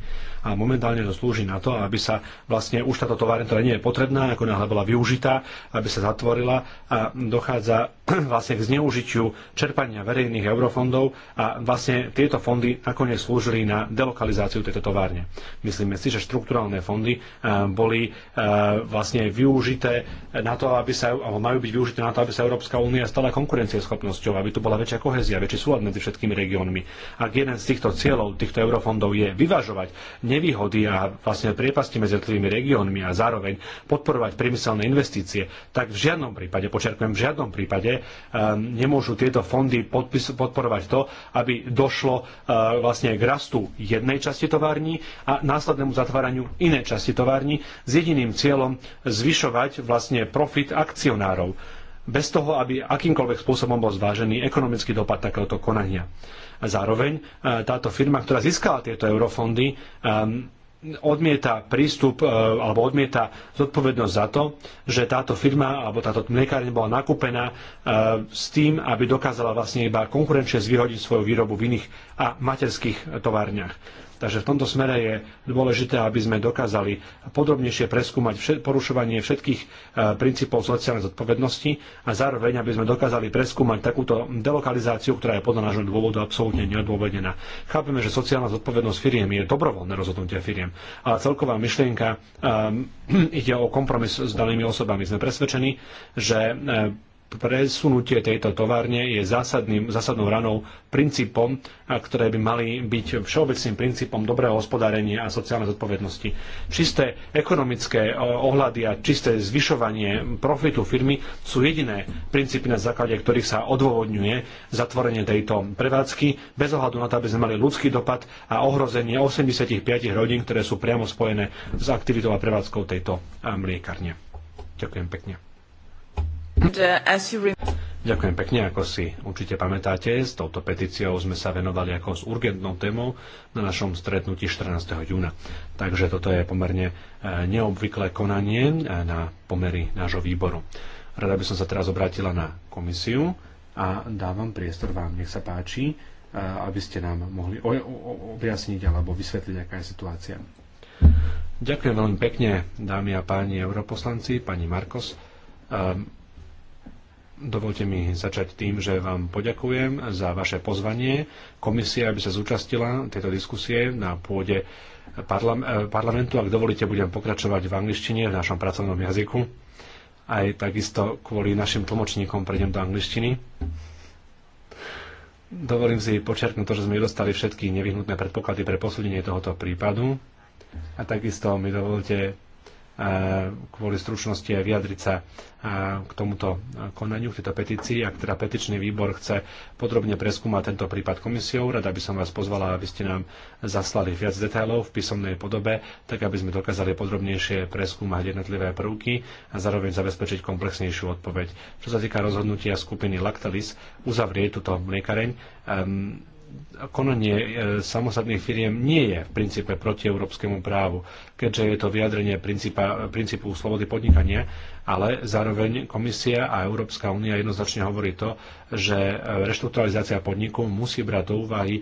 a momentálne to slúži na to, aby sa vlastne už táto továrna ktorá nie je potrebná, ako náhle bola využitá, aby sa zatvorila a dochádza vlastne k zneužitiu čerpania verejných eurofondov a vlastne tieto fondy nakoniec slúžili na delokalizáciu tejto továrne. Myslíme si, že štrukturálne fondy eh, boli eh, vlastne využité na to, aby sa, alebo majú byť využité na to, aby sa Európska únia stala konkurencieschopnosťou, aby tu bola väčšia kohezia, väčší súlad medzi všetkými regiónmi. Ak jeden z týchto cieľov, týchto eurofondov je vyvažovať nevýhody a vlastne priepasti medzi jednotlivými regiónmi a zároveň podporovať priemyselné investície, tak v žiadnom prípade, počerkujem, v žiadnom prípade e, nemôžu tieto fondy podpis, podporovať to, aby došlo e, vlastne k rastu jednej časti tovární a následnému zatváraniu inej časti tovární s jediným cieľom zvyšovať vlastne profit akcionárov bez toho, aby akýmkoľvek spôsobom bol zvážený ekonomický dopad takéhoto konania. Zároveň e, táto firma, ktorá získala tieto eurofondy, e, odmieta prístup e, alebo odmieta zodpovednosť za to, že táto firma alebo táto mliekárne bola nakúpená s tým, aby dokázala vlastne iba konkurenčne zvyhodiť svoju výrobu v iných a materských továrniach. Takže v tomto smere je dôležité, aby sme dokázali podrobnejšie preskúmať porušovanie všetkých e, princípov sociálnej zodpovednosti a zároveň, aby sme dokázali preskúmať takúto delokalizáciu, ktorá je podľa nášho dôvodu absolútne neodôvodnená. Chápeme, že sociálna zodpovednosť firiem je dobrovoľné rozhodnutie firiem, ale celková myšlienka um, ide o kompromis s danými osobami. Sme presvedčení, že um, presunutie tejto továrne je zásadným, zásadnou ranou princípom, ktoré by mali byť všeobecným princípom dobrého hospodárenia a sociálnej zodpovednosti. Čisté ekonomické e, ohľady a čisté zvyšovanie profitu firmy sú jediné princípy, na základe ktorých sa odôvodňuje zatvorenie tejto prevádzky, bez ohľadu na to, aby sme mali ľudský dopad a ohrozenie 85 rodín, ktoré sú priamo spojené s aktivitou a prevádzkou tejto mliekarne. Ďakujem pekne. Uh, Ďakujem pekne, ako si určite pamätáte, s touto petíciou sme sa venovali ako s urgentnou témou na našom stretnutí 14. júna. Takže toto je pomerne e, neobvyklé konanie e, na pomery nášho výboru. Rada by som sa teraz obrátila na komisiu a dávam priestor vám, nech sa páči, e, aby ste nám mohli objasniť alebo vysvetliť, aká je situácia. Ďakujem veľmi pekne, dámy a páni europoslanci, pani Markos. Ehm, Dovolte mi začať tým, že vám poďakujem za vaše pozvanie. Komisia, aby sa zúčastila tejto diskusie na pôde eh, parlamentu. Ak dovolíte, budem pokračovať v angličtine, v našom pracovnom jazyku. Aj takisto kvôli našim tlmočníkom prejdem do angličtiny. Dovolím si počerknúť to, že sme dostali všetky nevyhnutné predpoklady pre posúdenie tohoto prípadu. A takisto mi dovolte Eh, kvôli stručnosti aj vyjadriť sa eh, k tomuto konaniu, k tejto petícii. Ak teda petičný výbor chce podrobne preskúmať tento prípad komisiou, rada by som vás pozvala, aby ste nám zaslali viac detailov v písomnej podobe, tak aby sme dokázali podrobnejšie preskúmať jednotlivé prvky a zároveň zabezpečiť komplexnejšiu odpoveď. Čo sa týka rozhodnutia skupiny Lactalis uzavrieť túto mliekareň, um, konanie e, samostatných firiem nie je v princípe proti európskemu právu, keďže je to vyjadrenie princípa, princípu slobody podnikania, ale zároveň komisia a Európska únia jednoznačne hovorí to, že e, reštrukturalizácia podniku musí brať do úvahy e,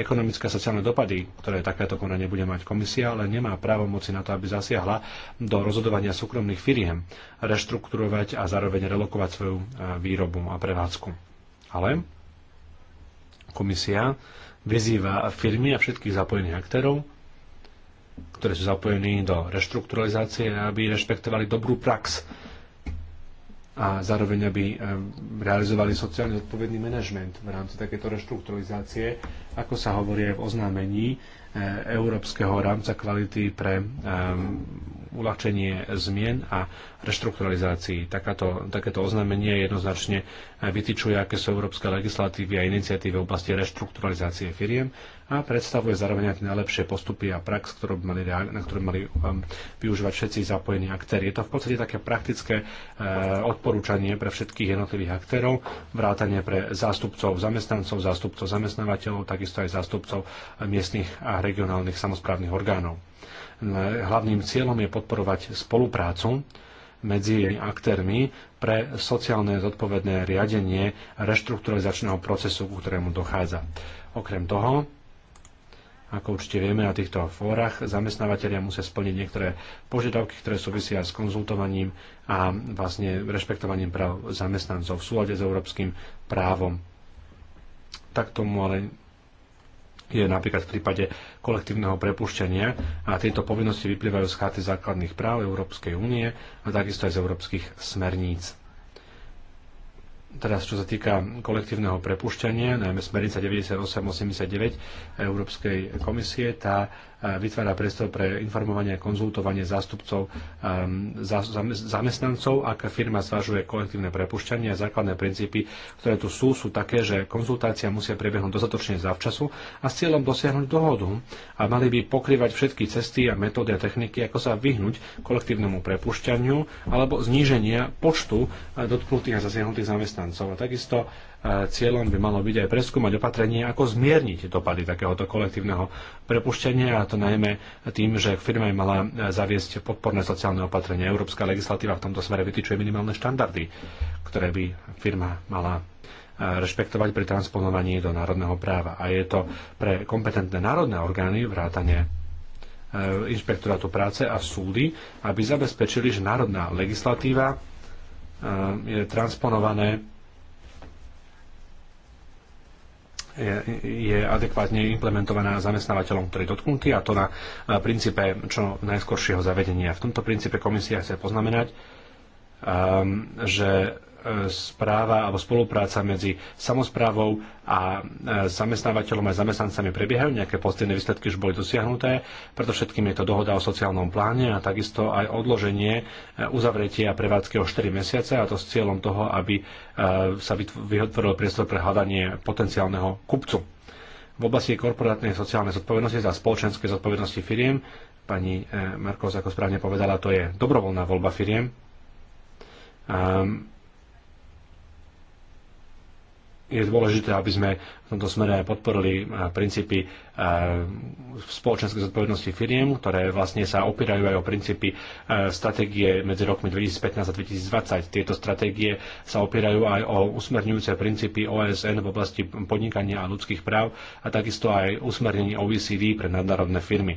ekonomické a sociálne dopady, ktoré takéto konanie bude mať komisia, ale nemá právo moci na to, aby zasiahla do rozhodovania súkromných firiem, reštrukturovať a zároveň relokovať svoju výrobu a prevádzku. Ale komisia vyzýva firmy a všetkých zapojených aktérov, ktoré sú zapojení do reštrukturalizácie, aby rešpektovali dobrú prax a zároveň aby eh, realizovali sociálne odpovedný manažment v rámci takéto reštrukturalizácie, ako sa hovorí aj v oznámení eh, Európskeho rámca kvality pre eh, uľahčenie zmien a reštrukturalizácií. Takáto, takéto oznámenie jednoznačne vytýčuje, aké sú európske legislatívy a iniciatívy v oblasti reštrukturalizácie firiem a predstavuje zároveň aj najlepšie postupy a prax, ktorú by mali, na ktoré mali um, využívať všetci zapojení aktéry. Je to v podstate také praktické uh, odporúčanie pre všetkých jednotlivých aktérov, vrátanie pre zástupcov zamestnancov, zástupcov zamestnávateľov, takisto aj zástupcov miestnych a regionálnych samozprávnych orgánov. No, hlavným cieľom je podporovať spoluprácu medzi aktérmi pre sociálne zodpovedné riadenie reštrukturalizačného procesu, ku ktorému dochádza. Okrem toho, ako určite vieme na týchto fórach, zamestnávateľia musia splniť niektoré požiadavky, ktoré súvisia s konzultovaním a vlastne rešpektovaním práv zamestnancov v súlade s európskym právom. Tak tomu ale je napríklad v prípade kolektívneho prepušťania a tieto povinnosti vyplývajú z charty základných práv Európskej únie a takisto aj z európskych smerníc. Teraz, čo sa týka kolektívneho prepušťania, najmä smernica 98-89 Európskej komisie, tá vytvára priestor pre informovanie a konzultovanie zástupcov ehm, zamestnancov, aká firma zvažuje kolektívne prepušťanie a základné princípy, ktoré tu sú, sú také, že konzultácia musia prebehnúť dostatočne zavčasu a s cieľom dosiahnuť dohodu a mali by pokrývať všetky cesty a metódy a techniky, ako sa vyhnúť kolektívnemu prepušťaniu alebo zníženia počtu dotknutých a zasiahnutých zamestnancov. A takisto Cieľom by malo byť aj preskúmať opatrenie, ako zmierniť dopady takéhoto kolektívneho prepuštenia a to najmä tým, že firma mala zaviesť podporné sociálne opatrenie. Európska legislatíva v tomto smere vytýčuje minimálne štandardy, ktoré by firma mala e, rešpektovať pri transponovaní do národného práva. A je to pre kompetentné národné orgány vrátane e, inšpektorátu práce a súdy, aby zabezpečili, že národná legislatíva e, je transponované je adekvátne implementovaná zamestnávateľom, ktorý je dotknutý a to na e, princípe čo najskoršieho zavedenia. V tomto princípe komisia chce poznamenať, ehm, že správa alebo spolupráca medzi samozprávou a e, zamestnávateľom a zamestnancami prebiehajú, nejaké pozitívne výsledky už boli dosiahnuté, preto všetkým je to dohoda o sociálnom pláne a takisto aj odloženie e, uzavretia prevádzky o 4 mesiace a to s cieľom toho, aby e, sa vytvoril priestor pre hľadanie potenciálneho kupcu. V oblasti korporátnej sociálnej zodpovednosti za spoločenské zodpovednosti firiem pani Markovs, ako správne povedala, to je dobrovoľná voľba firiem. Um, je dôležité, aby sme v tomto smere podporili e, princípy e, spoločenskej zodpovednosti firiem, ktoré vlastne sa opierajú aj o princípy e, stratégie medzi rokmi 2015 a 2020. Tieto stratégie sa opierajú aj o usmerňujúce princípy OSN v oblasti podnikania a ľudských práv a takisto aj usmernení OECD pre nadnárodné firmy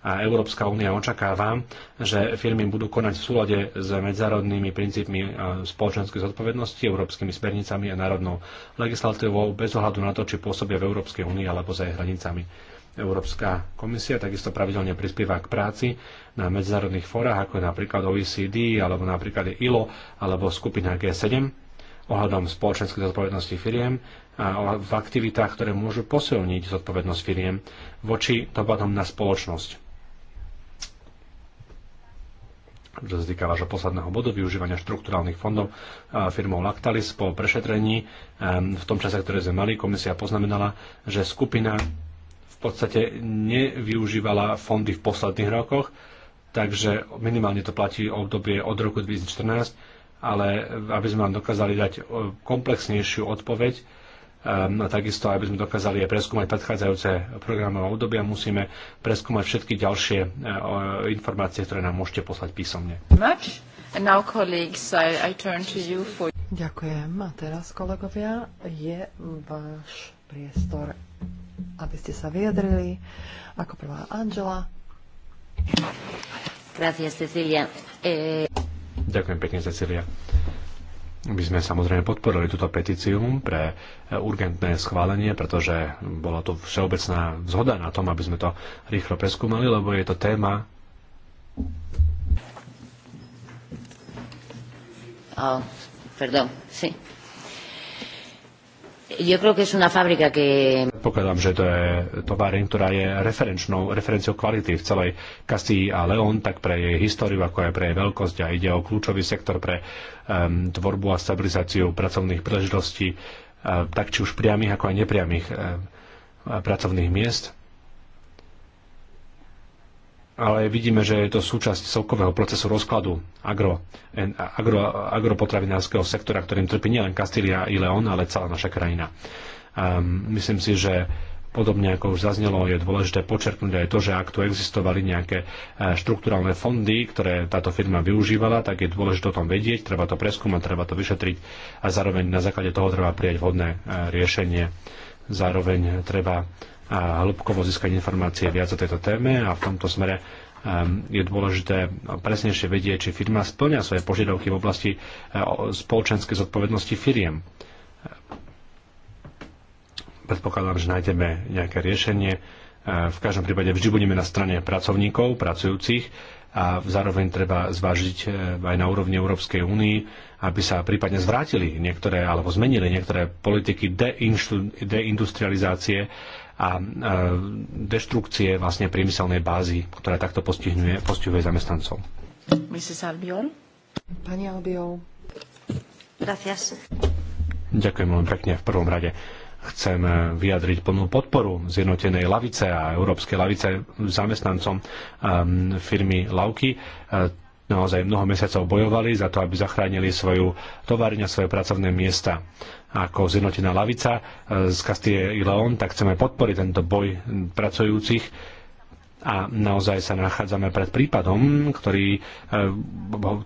a Európska únia očakáva, že firmy budú konať v súlade s medzárodnými princípmi e, spoločenskej zodpovednosti, európskymi smernicami a národnou legislatívou bez ohľadu na to, či pôsobia v Európskej únii alebo za jej hranicami. Európska komisia takisto pravidelne prispieva k práci na medzinárodných fórach, ako je napríklad OECD, alebo napríklad ILO, alebo skupina G7, ohľadom spoločenskej zodpovednosti firiem a v aktivitách, ktoré môžu posilniť zodpovednosť firiem voči dopadom na spoločnosť čo sa týka vášho posledného bodu využívania štrukturálnych fondov firmou Lactalis po prešetrení. V tom čase, ktoré sme mali, komisia poznamenala, že skupina v podstate nevyužívala fondy v posledných rokoch, takže minimálne to platí obdobie od roku 2014, ale aby sme vám dokázali dať komplexnejšiu odpoveď, Ehm, a takisto, aby sme dokázali aj preskúmať predchádzajúce programové obdobia, musíme preskúmať všetky ďalšie e, informácie, ktoré nám môžete poslať písomne. Ďakujem. A teraz, kolegovia, je váš priestor, aby ste sa vyjadrili. Ako prvá Angela. Gracias, Cecilia. E... Ďakujem pekne, Cecilia. My sme samozrejme podporili túto petíciu pre e, urgentné schválenie, pretože bola tu všeobecná zhoda na tom, aby sme to rýchlo preskúmali, lebo je to téma. Oh, perdón, sí. Yo creo que es una fábrica que... Pokladám, že to je továreň, ktorá je referenčnou, referenciou kvality v celej Kastii a Leon, tak pre jej históriu, ako aj pre jej veľkosť a ide o kľúčový sektor pre um, tvorbu a stabilizáciu pracovných príležitostí, uh, tak či už priamých, ako aj nepriamých uh, pracovných miest ale vidíme, že je to súčasť celkového procesu rozkladu agro, agro, agropotravinárskeho sektora, ktorým trpí nielen Kastília i León, ale celá naša krajina. Um, myslím si, že Podobne ako už zaznelo, je dôležité počerknúť aj to, že ak tu existovali nejaké e, štruktúralné fondy, ktoré táto firma využívala, tak je dôležité o tom vedieť, treba to preskúmať, treba to vyšetriť a zároveň na základe toho treba prijať vhodné e, riešenie. Zároveň treba hĺbkovo získať informácie viac o tejto téme a v tomto smere ehm, je dôležité presnejšie vedieť, či firma splňa svoje požiadavky v oblasti eh, spoločenskej zodpovednosti firiem. Predpokladám, že nájdeme nejaké riešenie. Eh, v každom prípade vždy budeme na strane pracovníkov, pracujúcich a zároveň treba zvážiť eh, aj na úrovni Európskej únii, aby sa prípadne zvrátili niektoré alebo zmenili niektoré politiky deindustrializácie, a e, deštrukcie vlastne priemyselnej bázy, ktorá takto postihuje, postihuje zamestnancov. Mrs. Albion? Pani Albion. Gracias. Ďakujem veľmi pekne v prvom rade chcem e, vyjadriť plnú podporu zjednotenej lavice a európskej lavice zamestnancom e, firmy Lauky naozaj mnoho mesiacov bojovali za to, aby zachránili svoju továrňu, svoje pracovné miesta. Ako zjednotená lavica e, z Kastie i Leon, tak chceme podporiť tento boj pracujúcich a naozaj sa nachádzame pred prípadom, ktorý, e,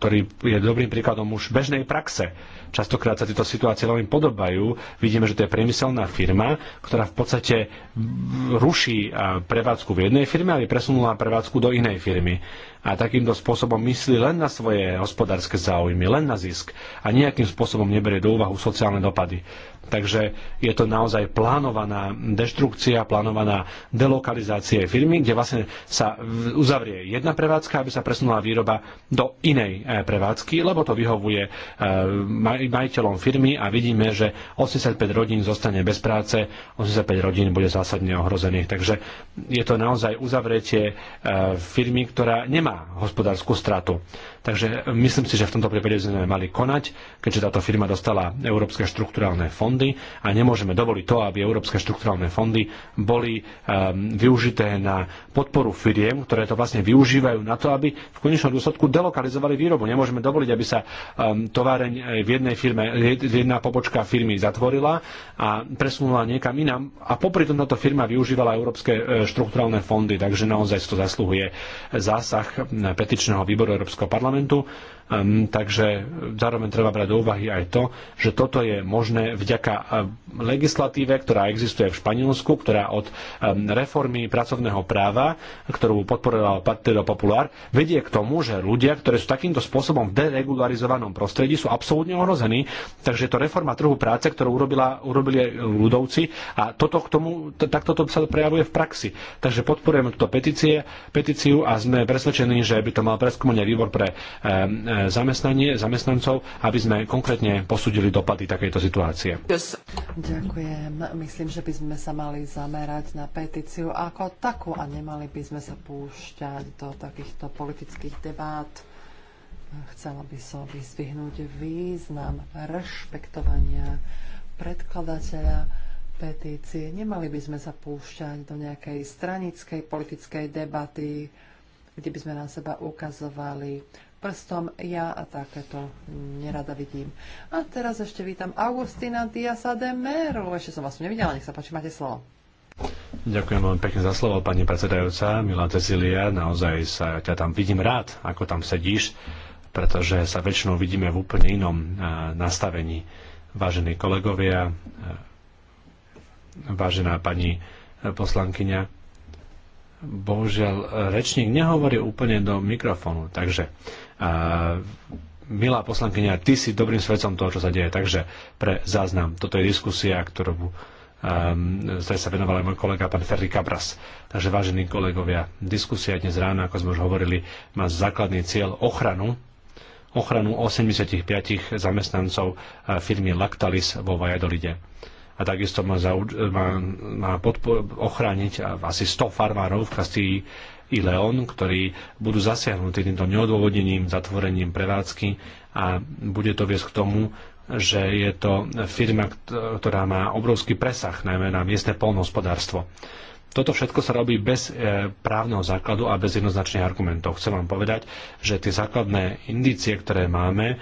ktorý je dobrým príkladom už bežnej praxe. Častokrát sa tieto situácie veľmi podobajú. Vidíme, že to je priemyselná firma, ktorá v podstate ruší e, prevádzku v jednej firme, aby presunula prevádzku do inej firmy a takýmto spôsobom myslí len na svoje hospodárske záujmy, len na zisk a nejakým spôsobom neberie do úvahu sociálne dopady. Takže je to naozaj plánovaná deštrukcia, plánovaná delokalizácia firmy, kde vlastne sa uzavrie jedna prevádzka, aby sa presunula výroba do inej e, prevádzky, lebo to vyhovuje e, majiteľom firmy a vidíme, že 85 rodín zostane bez práce, 85 rodín bude zásadne ohrozených. Takže je to naozaj uzavretie e, firmy, ktorá nemá hospodárskú stratu. Takže myslím si, že v tomto prípade sme mali konať, keďže táto firma dostala európske štruktúrálne fondy fondy a nemôžeme dovoliť to, aby európske štrukturálne fondy boli um, využité na podporu firiem, ktoré to vlastne využívajú na to, aby v konečnom dôsledku delokalizovali výrobu. Nemôžeme dovoliť, aby sa um, továreň eh, v jednej firme, jedna pobočka firmy zatvorila a presunula niekam inám a popri tom táto firma využívala európske eh, štrukturálne fondy, takže naozaj to zasluhuje eh, zásah petičného výboru Európskeho parlamentu Um, takže zároveň treba brať do úvahy aj to, že toto je možné vďaka ehm, legislatíve, ktorá existuje v Španielsku, ktorá od um, reformy pracovného práva, ktorú podporoval Partido Popular, vedie k tomu, že ľudia, ktorí sú takýmto spôsobom v deregularizovanom prostredí, sú absolútne ohrození. Takže to reforma trhu práce, ktorú urobila, urobili ľudovci a toto k tomu, tak toto sa prejavuje v praxi. Takže podporujeme túto petície, petíciu a sme presvedčení, že by to mal preskúmať výbor pre um, zamestnanie, zamestnancov, aby sme konkrétne posúdili dopady takejto situácie. Ďakujem. Myslím, že by sme sa mali zamerať na petíciu ako takú a nemali by sme sa púšťať do takýchto politických debát. Chcela by som vyzvihnúť význam rešpektovania predkladateľa petície. Nemali by sme sa púšťať do nejakej stranickej politickej debaty, kde by sme na seba ukazovali prstom. Ja a takéto nerada vidím. A teraz ešte vítam Augustina Diasa de Mero. Ešte som vás nevidela, nech sa páči, máte slovo. Ďakujem veľmi pekne za slovo, pani predsedajúca. Milá Cecília, naozaj sa ťa tam vidím rád, ako tam sedíš, pretože sa väčšinou vidíme v úplne inom eh, nastavení. Vážení kolegovia, eh, vážená pani eh, poslankyňa, bohužiaľ rečník nehovorí úplne do mikrofónu. Takže, uh, milá poslankyňa, ty si dobrým svedcom toho, čo sa deje. Takže pre záznam, toto je diskusia, ktorú um, sa venoval aj môj kolega pán Ferry Kabras. Takže vážení kolegovia, diskusia dnes ráno, ako sme už hovorili, má základný cieľ ochranu ochranu 85 zamestnancov firmy Lactalis vo Vajadolide a takisto má, za, má, má podpor, ochrániť asi 100 farmárov v Kastii i Leon, ktorí budú zasiahnutí týmto neodôvodnením, zatvorením prevádzky a bude to viesť k tomu, že je to firma, ktorá má obrovský presah, najmä na miestne polnohospodárstvo. Toto všetko sa robí bez e, právneho základu a bez jednoznačných argumentov. Chcem vám povedať, že tie základné indície, ktoré máme, e,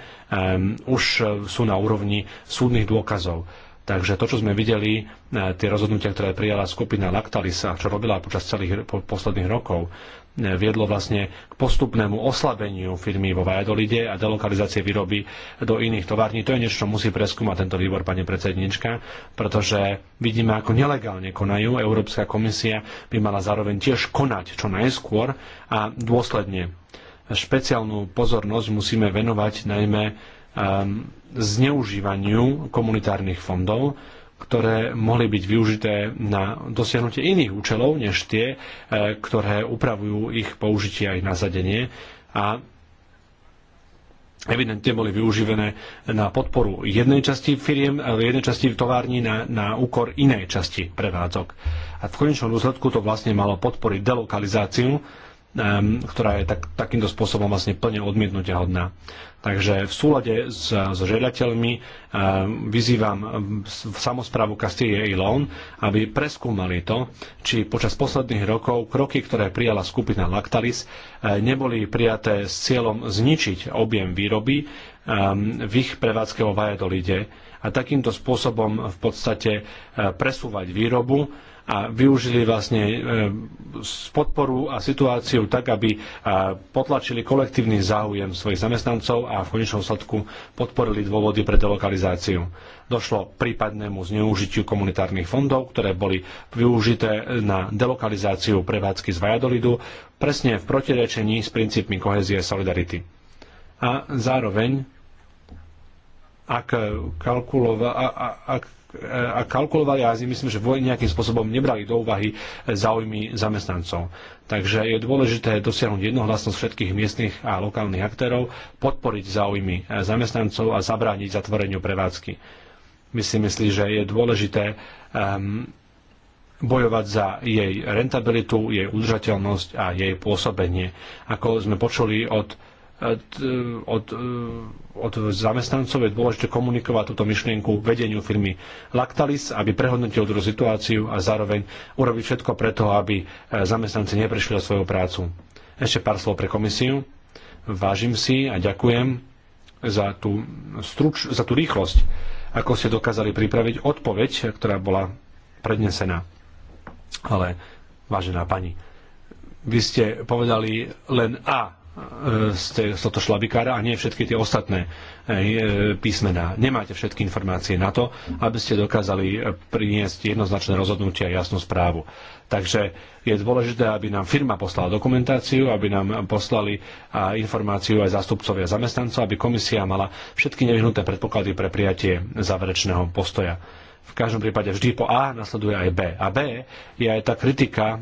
už sú na úrovni súdnych dôkazov. Takže to, čo sme videli, e, tie rozhodnutia, ktoré prijala skupina Lactalisa, čo robila počas celých posledných rokov, e, viedlo vlastne k postupnému oslabeniu firmy vo Vajadolide a delokalizácie výroby do iných tovární. To je niečo, čo musí preskúmať tento výbor, pani predsednička, pretože vidíme, ako nelegálne konajú. Európska komisia by mala zároveň tiež konať čo najskôr a dôsledne. Špeciálnu pozornosť musíme venovať najmä Um, zneužívaniu komunitárnych fondov, ktoré mohli byť využité na dosiahnutie iných účelov, než tie, uh, ktoré upravujú ich použitie a ich nasadenie. A evidentne boli využívané na podporu jednej časti firiem, eh, jednej časti továrni na, na úkor inej časti prevádzok. A v konečnom dôsledku to vlastne malo podporiť delokalizáciu, ehm, ktorá je tak, takýmto spôsobom vlastne plne odmietnutia hodná. Takže v súlade s, s žiadateľmi e, vyzývam e, samozprávu Castilla i Lón, aby preskúmali to, či počas posledných rokov kroky, ktoré prijala skupina Lactalis, e, neboli prijaté s cieľom zničiť objem výroby v ich prevádzke vo Vajadolide a takýmto spôsobom v podstate presúvať výrobu a využili vlastne e, podporu a situáciu tak, aby e, potlačili kolektívny záujem svojich zamestnancov a v konečnom sladku podporili dôvody pre delokalizáciu. Došlo k prípadnému zneužitiu komunitárnych fondov, ktoré boli využité na delokalizáciu prevádzky z Vajadolidu, presne v protirečení s princípmi kohezie a solidarity. A zároveň ak, kalkulova, a, a, ak a kalkulovali a si myslím, že nejakým spôsobom nebrali do úvahy záujmy zamestnancov. Takže je dôležité dosiahnuť jednohlasnosť všetkých miestnych a lokálnych aktérov, podporiť záujmy zamestnancov a zabrániť zatvoreniu prevádzky. My si myslí, že je dôležité um, bojovať za jej rentabilitu, jej udržateľnosť a jej pôsobenie. Ako sme počuli od E, od, e, od zamestnancov je dôležité komunikovať túto myšlienku vedeniu firmy Lactalis, aby prehodnotil túto situáciu a zároveň urobiť všetko preto, aby e, zamestnanci neprišli o svoju prácu. Ešte pár slov pre komisiu. Vážim si a ďakujem za tú, struč, za tú rýchlosť, ako ste dokázali pripraviť odpoveď, ktorá bola prednesená. Ale, vážená pani, vy ste povedali len A E, z toto šlabikára a nie všetky tie ostatné e, e, písmená. Nemáte všetky informácie na to, aby ste dokázali priniesť jednoznačné rozhodnutie a jasnú správu. Takže je dôležité, aby nám firma poslala dokumentáciu, aby nám poslali informáciu aj zástupcovia zamestnancov, aby komisia mala všetky nevyhnuté predpoklady pre prijatie záverečného postoja. V každom prípade vždy po A nasleduje aj B. A B je aj tá kritika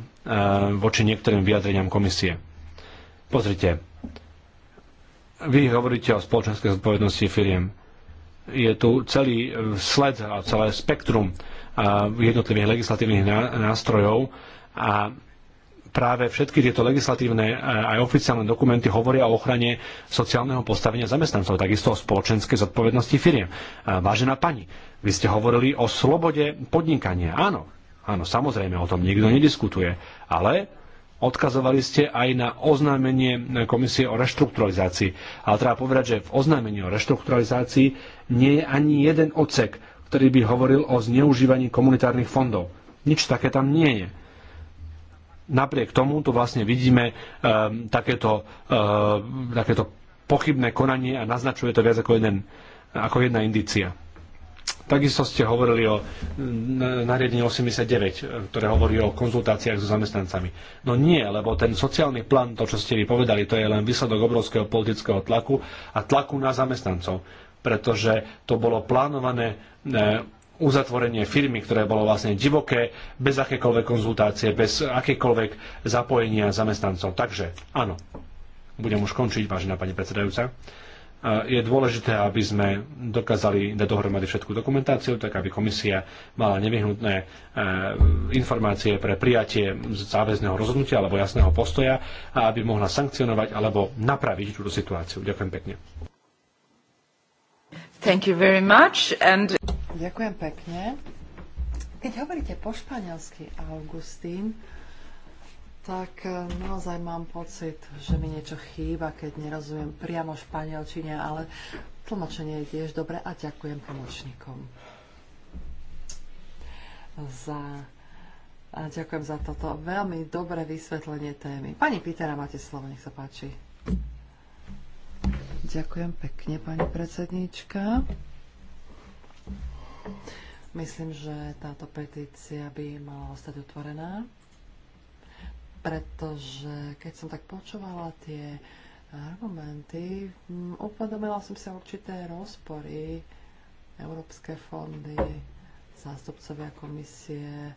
voči niektorým vyjadreniam komisie Pozrite, vy hovoríte o spoločenskej zodpovednosti firiem. Je tu celý sled a celé spektrum jednotlivých legislatívnych nástrojov a práve všetky tieto legislatívne aj oficiálne dokumenty hovoria o ochrane sociálneho postavenia zamestnancov, takisto o spoločenskej zodpovednosti firiem. Vážená pani, vy ste hovorili o slobode podnikania. Áno, áno, samozrejme, o tom nikto nediskutuje, ale Odkazovali ste aj na oznámenie Komisie o reštrukturalizácii. Ale treba povedať, že v oznámení o reštrukturalizácii nie je ani jeden odsek, ktorý by hovoril o zneužívaní komunitárnych fondov. Nič také tam nie je napriek tomu tu vlastne vidíme um, takéto, uh, takéto pochybné konanie a naznačuje to viac ako, jeden, ako jedna indícia. Takisto ste hovorili o nariadení 89, ktoré hovorí o konzultáciách so zamestnancami. No nie, lebo ten sociálny plán, to čo ste vy povedali, to je len výsledok obrovského politického tlaku a tlaku na zamestnancov, pretože to bolo plánované e, uzatvorenie firmy, ktoré bolo vlastne divoké, bez akékoľvek konzultácie, bez akékoľvek zapojenia zamestnancov. Takže áno, budem už končiť, vážená pani predsedajúca je dôležité, aby sme dokázali dať dohromady všetku dokumentáciu, tak aby komisia mala nevyhnutné e, informácie pre prijatie záväzného rozhodnutia alebo jasného postoja a aby mohla sankcionovať alebo napraviť túto situáciu. Ďakujem pekne. Thank you very much and... Ďakujem pekne. Keď hovoríte po španielsky, Augustín, tak e, naozaj mám pocit, že mi niečo chýba, keď nerozumiem priamo španielčine, ale tlmočenie je tiež dobre a ďakujem tlmočníkom za a ďakujem za toto veľmi dobré vysvetlenie témy. Pani Pitera, máte slovo, nech sa páči. Ďakujem pekne, pani predsedníčka. Myslím, že táto petícia by mala ostať otvorená pretože keď som tak počúvala tie argumenty, uvedomila som sa určité rozpory. Európske fondy, zástupcovia komisie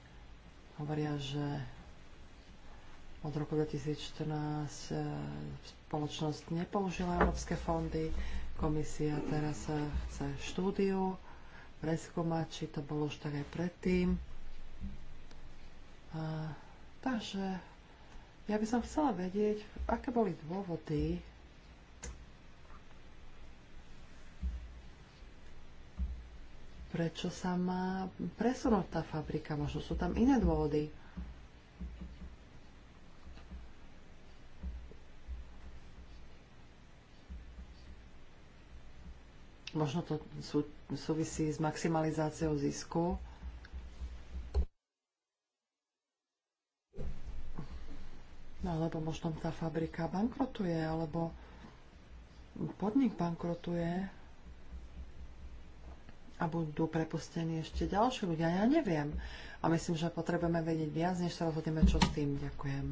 hovoria, že od roku 2014 e, spoločnosť nepoužila európske fondy. Komisia teraz e, chce štúdiu preskúmať, či to bolo už tak aj predtým. A, takže ja by som chcela vedieť, aké boli dôvody prečo sa má presunúť tá fabrika. Možno sú tam iné dôvody. Možno to sú, súvisí s maximalizáciou zisku. možno tá fabrika bankrotuje, alebo podnik bankrotuje a budú prepustení ešte ďalší ľudia. Ja neviem. A myslím, že potrebujeme vedieť viac, než sa rozhodneme, čo s tým. Ďakujem.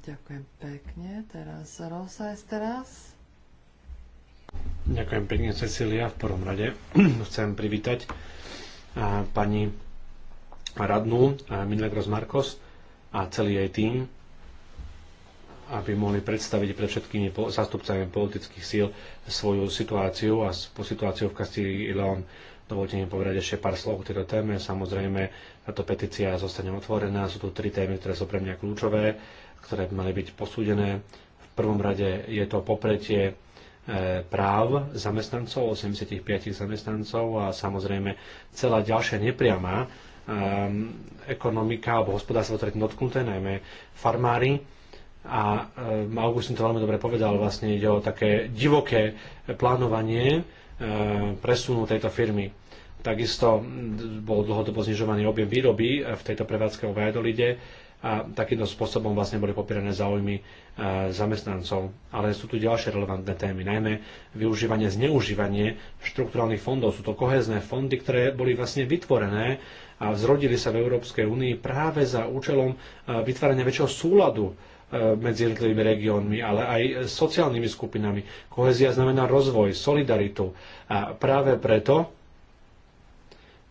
Ďakujem pekne. Teraz Rosa je teraz. Ďakujem pekne, Cecília. V prvom rade chcem privítať pani radnú Milagros Marcos a celý jej tým, aby mohli predstaviť pred všetkými zastupcami politických síl svoju situáciu a situáciu v Kastílii i León. Dovolte mi povedať ešte pár slov k tejto téme. Samozrejme, táto petícia zostane otvorená. Sú tu tri témy, ktoré sú pre mňa kľúčové, ktoré by mali byť posúdené. V prvom rade je to popretie e, práv zamestnancov, 85 zamestnancov a samozrejme celá ďalšia nepriama Ehm, ekonomika alebo hospodárstvo ktoré dotknuté, najmä farmári. A um, ehm, Augustin to veľmi dobre povedal, vlastne ide o také divoké plánovanie um, presunu tejto firmy. Takisto mm, bol dlhodobo znižovaný objem výroby e, v tejto prevádzke o Vajadolide a takýmto spôsobom vlastne boli popierané záujmy e, zamestnancov. Ale sú tu ďalšie relevantné témy, najmä využívanie, zneužívanie štrukturálnych fondov. Sú to kohezné fondy, ktoré boli vlastne vytvorené a zrodili sa v Európskej únii práve za účelom e, vytvárania väčšieho súladu e, medzi jednotlivými regiónmi, ale aj sociálnymi skupinami. Kohezia znamená rozvoj, solidaritu. A práve preto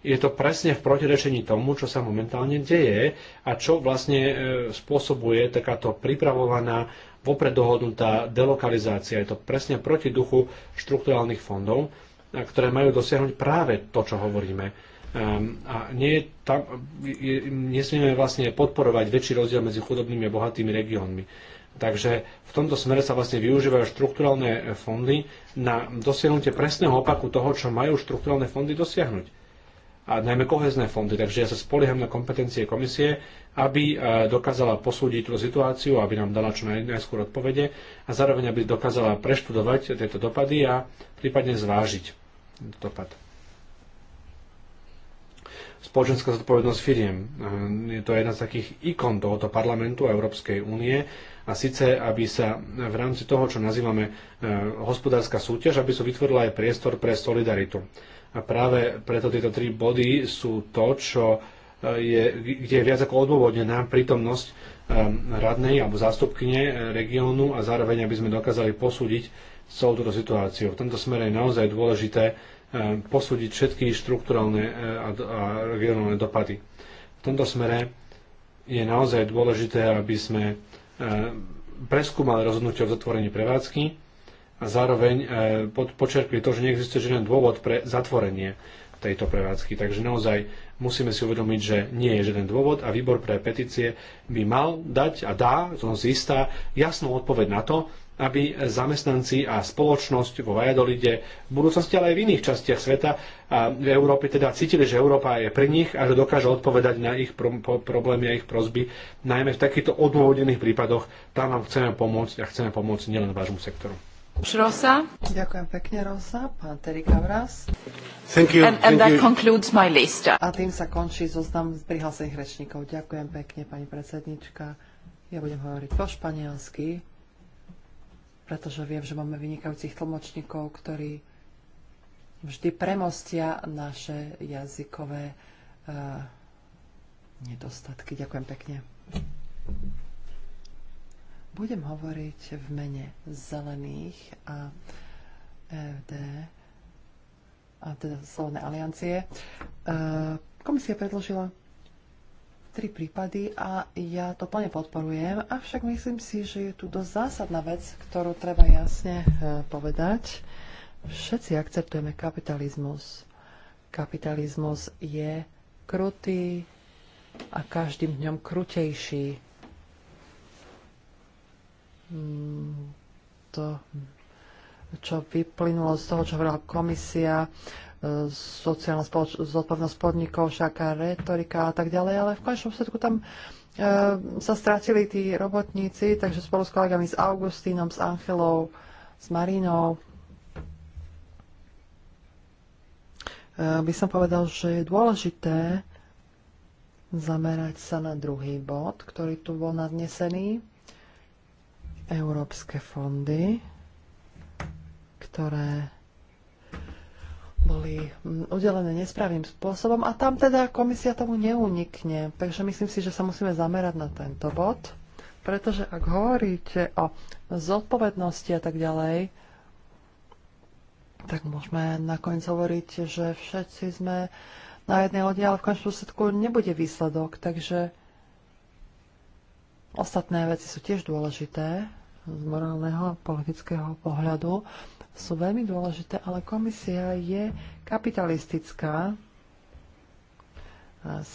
je to presne v protirečení tomu, čo sa momentálne deje a čo vlastne e, spôsobuje takáto pripravovaná, vopred dohodnutá delokalizácia. Je to presne proti duchu štrukturálnych fondov, ktoré majú dosiahnuť práve to, čo hovoríme Ehm, a nie, tam, nesmieme vlastne podporovať väčší rozdiel medzi chudobnými a bohatými regiónmi. Takže v tomto smere sa vlastne využívajú štrukturálne e, fondy na dosiahnutie presného opaku toho, čo majú štrukturálne fondy dosiahnuť a najmä kohezné fondy. Takže ja sa spolieham na kompetencie komisie, aby e, dokázala posúdiť tú situáciu, aby nám dala čo najskôr odpovede a zároveň aby dokázala preštudovať tieto dopady a prípadne zvážiť dopad spoločenská zodpovednosť firiem. Ehm, je to jedna z takých ikon tohoto parlamentu Európskej únie a síce, aby sa v rámci toho, čo nazývame ehm, hospodárska súťaž, aby sa vytvorila aj priestor pre solidaritu. A práve preto tieto tri body sú to, čo ehm, je, kde je viac ako odôvodnená prítomnosť radnej alebo zástupkyne e, regiónu a zároveň, aby sme dokázali posúdiť celú túto situáciu. V tomto smere je naozaj dôležité E, posúdiť všetky štruktúrálne e, a regionálne dopady. V tomto smere je naozaj dôležité, aby sme e, preskúmali rozhodnutie o zatvorení prevádzky a zároveň počerkli to, že neexistuje žiaden dôvod pre zatvorenie tejto prevádzky. Takže naozaj musíme si uvedomiť, že nie je žiaden dôvod a výbor pre petície by mal dať a dá, to som si istá, jasnú odpoveď na to, aby zamestnanci a spoločnosť vo Vajadolide v budúcnosti, ale aj v iných častiach sveta a v Európe teda cítili, že Európa je pri nich a že dokáže odpovedať na ich problémy a ich prozby, najmä v takýchto odôvodených prípadoch. Tam vám chceme pomôcť a chceme pomôcť nielen vášmu sektoru. Rosa. Ďakujem pekne, Rosa. Pán Terry Kavras. Thank you. And, and Thank that you. concludes my list. A tým sa končí zoznam prihlásených rečníkov. Ďakujem pekne, pani predsednička. Ja budem hovoriť po španielsky pretože viem, že máme vynikajúcich tlmočníkov, ktorí vždy premostia naše jazykové uh, nedostatky. Ďakujem pekne. Budem hovoriť v mene zelených a EFD a teda Slovné aliancie. Uh, komisia predložila tri prípady a ja to plne podporujem, avšak myslím si, že je tu dosť zásadná vec, ktorú treba jasne e, povedať. Všetci akceptujeme kapitalizmus. Kapitalizmus je krutý a každým dňom krutejší. Mm, to, čo vyplynulo z toho, čo hovorila komisia, sociálna spoloč- zodpovednosť podnikov, šaká retorika a tak ďalej, ale v konečnom všetku tam e, sa strátili tí robotníci, takže spolu s kolegami s Augustínom, s Angelou, s Marínou. E, by som povedal, že je dôležité zamerať sa na druhý bod, ktorý tu bol nadnesený. Európske fondy, ktoré boli udelené nesprávnym spôsobom a tam teda komisia tomu neunikne. Takže myslím si, že sa musíme zamerať na tento bod, pretože ak hovoríte o zodpovednosti a tak ďalej, tak môžeme nakoniec hovoriť, že všetci sme na jednej lodi, ale v končnom dôsledku nebude výsledok, takže ostatné veci sú tiež dôležité, z morálneho a politického pohľadu sú veľmi dôležité, ale komisia je kapitalistická.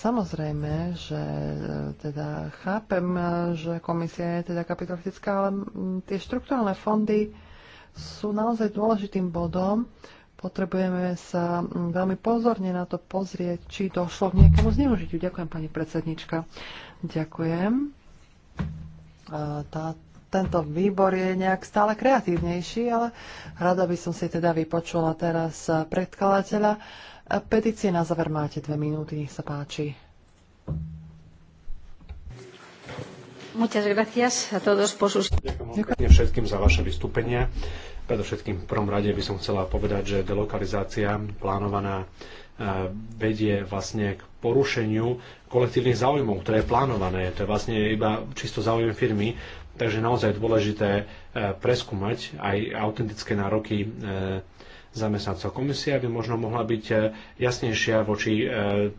Samozrejme, že e, teda chápem, e, že komisia je teda kapitalistická, ale tie štruktúrne fondy sú naozaj dôležitým bodom. Potrebujeme sa veľmi pozorne na to pozrieť, či došlo k nejakému zneužitiu. Ďakujem, pani predsednička. Ďakujem. E, Táto tento výbor je nejak stále kreatívnejší, ale rada by som si teda vypočula teraz predkladateľa. Petície na záver máte dve minúty, nech sa páči. Ďakujem všetkým za vaše vystúpenia. Predovšetkým v prvom rade by som chcela povedať, že delokalizácia plánovaná e, vedie vlastne k porušeniu kolektívnych záujmov, ktoré je plánované. To je vlastne iba čisto záujem firmy Takže naozaj je dôležité e, preskúmať aj autentické nároky e, zamestnancov. Komisia by možno mohla byť e, jasnejšia voči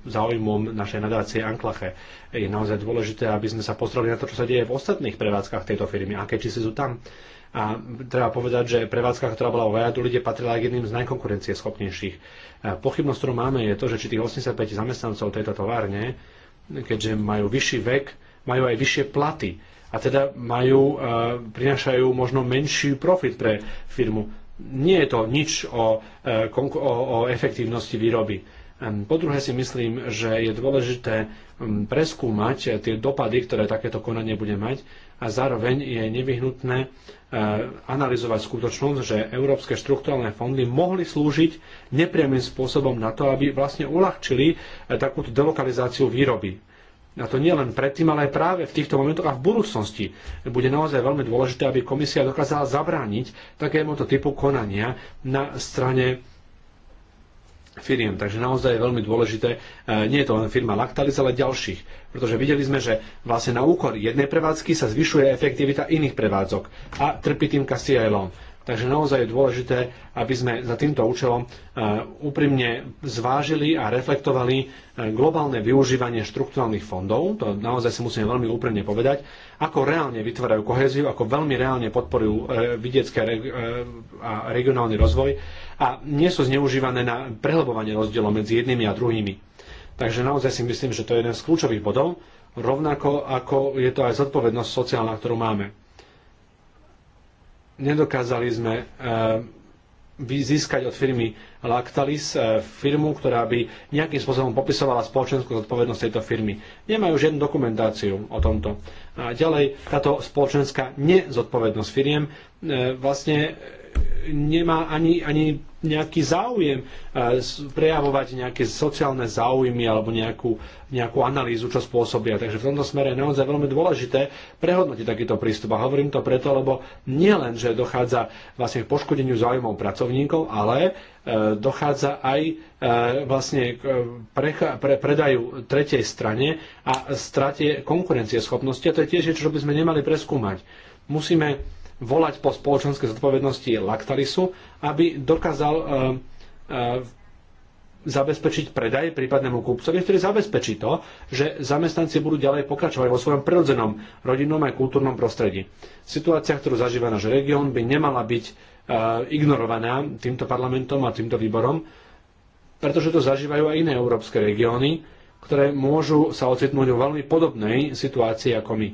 záujmom našej nadácie Anklache. Je naozaj dôležité, aby sme sa pozreli na to, čo sa deje v ostatných prevádzkach tejto firmy, aké čísly sú tam. A treba povedať, že prevádzka, ktorá bola Vajadu ľudia, patrila k jedným z najkonkurencieschopnejších. Pochybnosť, ktorú máme, je to, že či tých 85 zamestnancov tejto továrne, keďže majú vyšší vek, majú aj vyššie platy a teda majú, e, prinášajú možno menší profit pre firmu. Nie je to nič o, e, o, o efektívnosti výroby. Po druhé si myslím, že je dôležité preskúmať tie dopady, ktoré takéto konanie bude mať a zároveň je nevyhnutné e, analyzovať skutočnosť, že európske štruktúrne fondy mohli slúžiť nepriamým spôsobom na to, aby vlastne uľahčili takúto delokalizáciu výroby a to nie len predtým, ale aj práve v týchto momentoch a v budúcnosti bude naozaj veľmi dôležité, aby komisia dokázala zabrániť takémuto typu konania na strane firiem. Takže naozaj je veľmi dôležité, e, nie je to len firma Lactalis, ale ďalších. Pretože videli sme, že vlastne na úkor jednej prevádzky sa zvyšuje efektivita iných prevádzok a trpí tým Castilla Takže naozaj je dôležité, aby sme za týmto účelom e, úprimne zvážili a reflektovali e, globálne využívanie štrukturálnych fondov, to naozaj si musíme veľmi úprimne povedať, ako reálne vytvárajú koheziu, ako veľmi reálne podporujú e, vidiecké a regionálny rozvoj a nie sú zneužívané na prehlbovanie rozdielov medzi jednými a druhými. Takže naozaj si myslím, že to je jeden z kľúčových bodov, rovnako ako je to aj zodpovednosť sociálna, ktorú máme. Nedokázali sme e, získať od firmy Lactalis e, firmu, ktorá by nejakým spôsobom popisovala spoločenskú zodpovednosť tejto firmy. Nemajú žiadnu dokumentáciu o tomto. A ďalej, táto spoločenská nezodpovednosť firiem e, vlastne nemá ani, ani nejaký záujem eh, prejavovať nejaké sociálne záujmy alebo nejakú, nejakú analýzu, čo spôsobia. Takže v tomto smere je naozaj veľmi dôležité prehodnotiť takýto prístup. A hovorím to preto, lebo nielen, že dochádza vlastne k poškodeniu záujmov pracovníkov, ale eh, dochádza aj eh, vlastne k pre, pre, predaju tretej strane a strate konkurencieschopnosti. A to je tiež niečo, čo by sme nemali preskúmať. Musíme volať po spoločenskej zodpovednosti Lactarisu, aby dokázal eh, eh, zabezpečiť predaj prípadnému kúpcovi, ktorý zabezpečí to, že zamestnanci budú ďalej pokračovať vo svojom prirodzenom rodinnom aj kultúrnom prostredí. Situácia, ktorú zažíva náš región, by nemala byť eh, ignorovaná týmto parlamentom a týmto výborom, pretože to zažívajú aj iné európske regióny, ktoré môžu sa ocitnúť vo veľmi podobnej situácii ako my.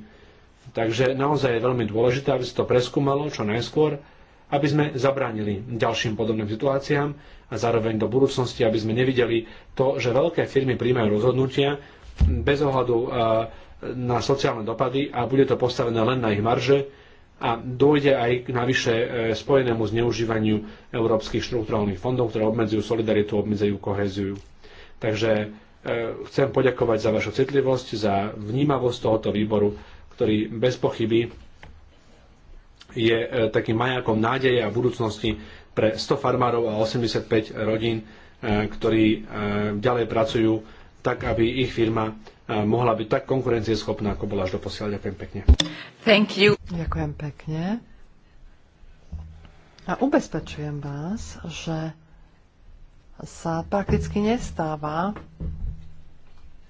Takže naozaj je veľmi dôležité, aby sa to preskúmalo čo najskôr, aby sme zabránili ďalším podobným situáciám a zároveň do budúcnosti, aby sme nevideli to, že veľké firmy príjmajú rozhodnutia bez ohľadu e, na sociálne dopady a bude to postavené len na ich marže a dôjde aj k navyše e, spojenému zneužívaniu európskych štruktúrálnych fondov, ktoré obmedzujú solidaritu, obmedzujú koheziu. Takže e, chcem poďakovať za vašu citlivosť, za vnímavosť tohoto výboru ktorý bez pochyby je e, takým majakom nádeje a budúcnosti pre 100 farmárov a 85 rodín, e, ktorí e, ďalej pracujú tak, aby ich firma mohla byť tak konkurencieschopná, ako bola až posiaľ. Ďakujem pekne. Thank you. Ďakujem pekne. A ubezpečujem vás, že sa prakticky nestáva,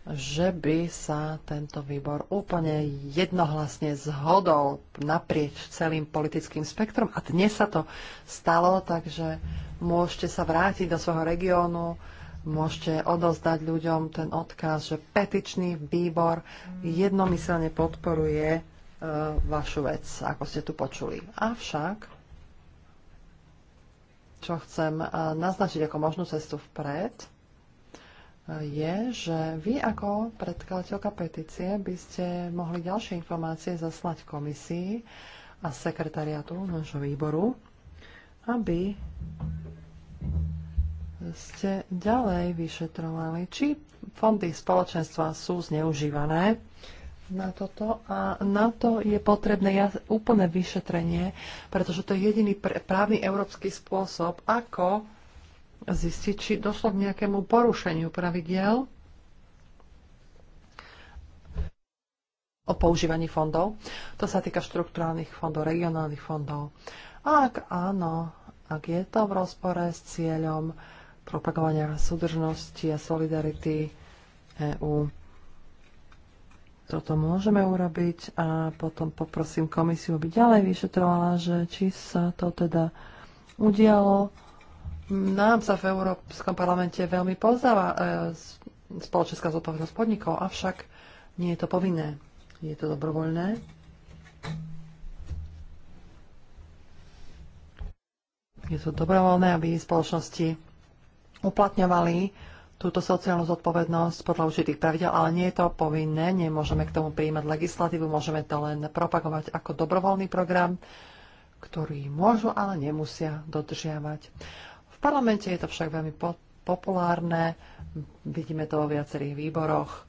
že by sa tento výbor úplne jednohlasne zhodol naprieč celým politickým spektrom. A dnes sa to stalo, takže môžete sa vrátiť do svojho regiónu, môžete odozdať ľuďom ten odkaz, že petičný výbor jednomyselne podporuje e, vašu vec, ako ste tu počuli. Avšak, čo chcem e, naznačiť ako možnú cestu vpred, je, že vy ako predkladateľka petície by ste mohli ďalšie informácie zaslať komisii a sekretariatu nášho výboru, aby ste ďalej vyšetrovali, či fondy spoločenstva sú zneužívané na toto a na to je potrebné úplné vyšetrenie, pretože to je jediný právny európsky spôsob, ako zistiť, či došlo k nejakému porušeniu pravidiel o používaní fondov. To sa týka štruktúrálnych fondov, regionálnych fondov. Ak áno, ak je to v rozpore s cieľom propagovania súdržnosti a solidarity EÚ, toto môžeme urobiť a potom poprosím komisiu, aby ďalej vyšetrovala, že či sa to teda udialo nám sa v Európskom parlamente veľmi pozdáva e, spoločenská zodpovednosť podnikov, avšak nie je to povinné. Je to dobrovoľné. Je to dobrovoľné, aby spoločnosti uplatňovali túto sociálnu zodpovednosť podľa určitých pravidel, ale nie je to povinné, nemôžeme k tomu prijímať legislatívu, môžeme to len propagovať ako dobrovoľný program, ktorý môžu, ale nemusia dodržiavať parlamente je to však veľmi po- populárne, vidíme to vo viacerých výboroch.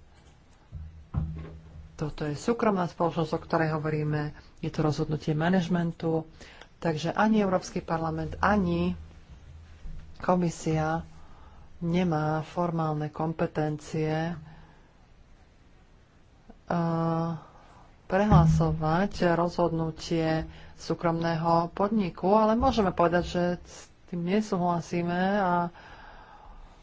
Toto je súkromná spoločnosť, o ktorej hovoríme, je to rozhodnutie manažmentu, takže ani Európsky parlament, ani komisia nemá formálne kompetencie e, prehlasovať rozhodnutie súkromného podniku, ale môžeme povedať, že tým nesúhlasíme a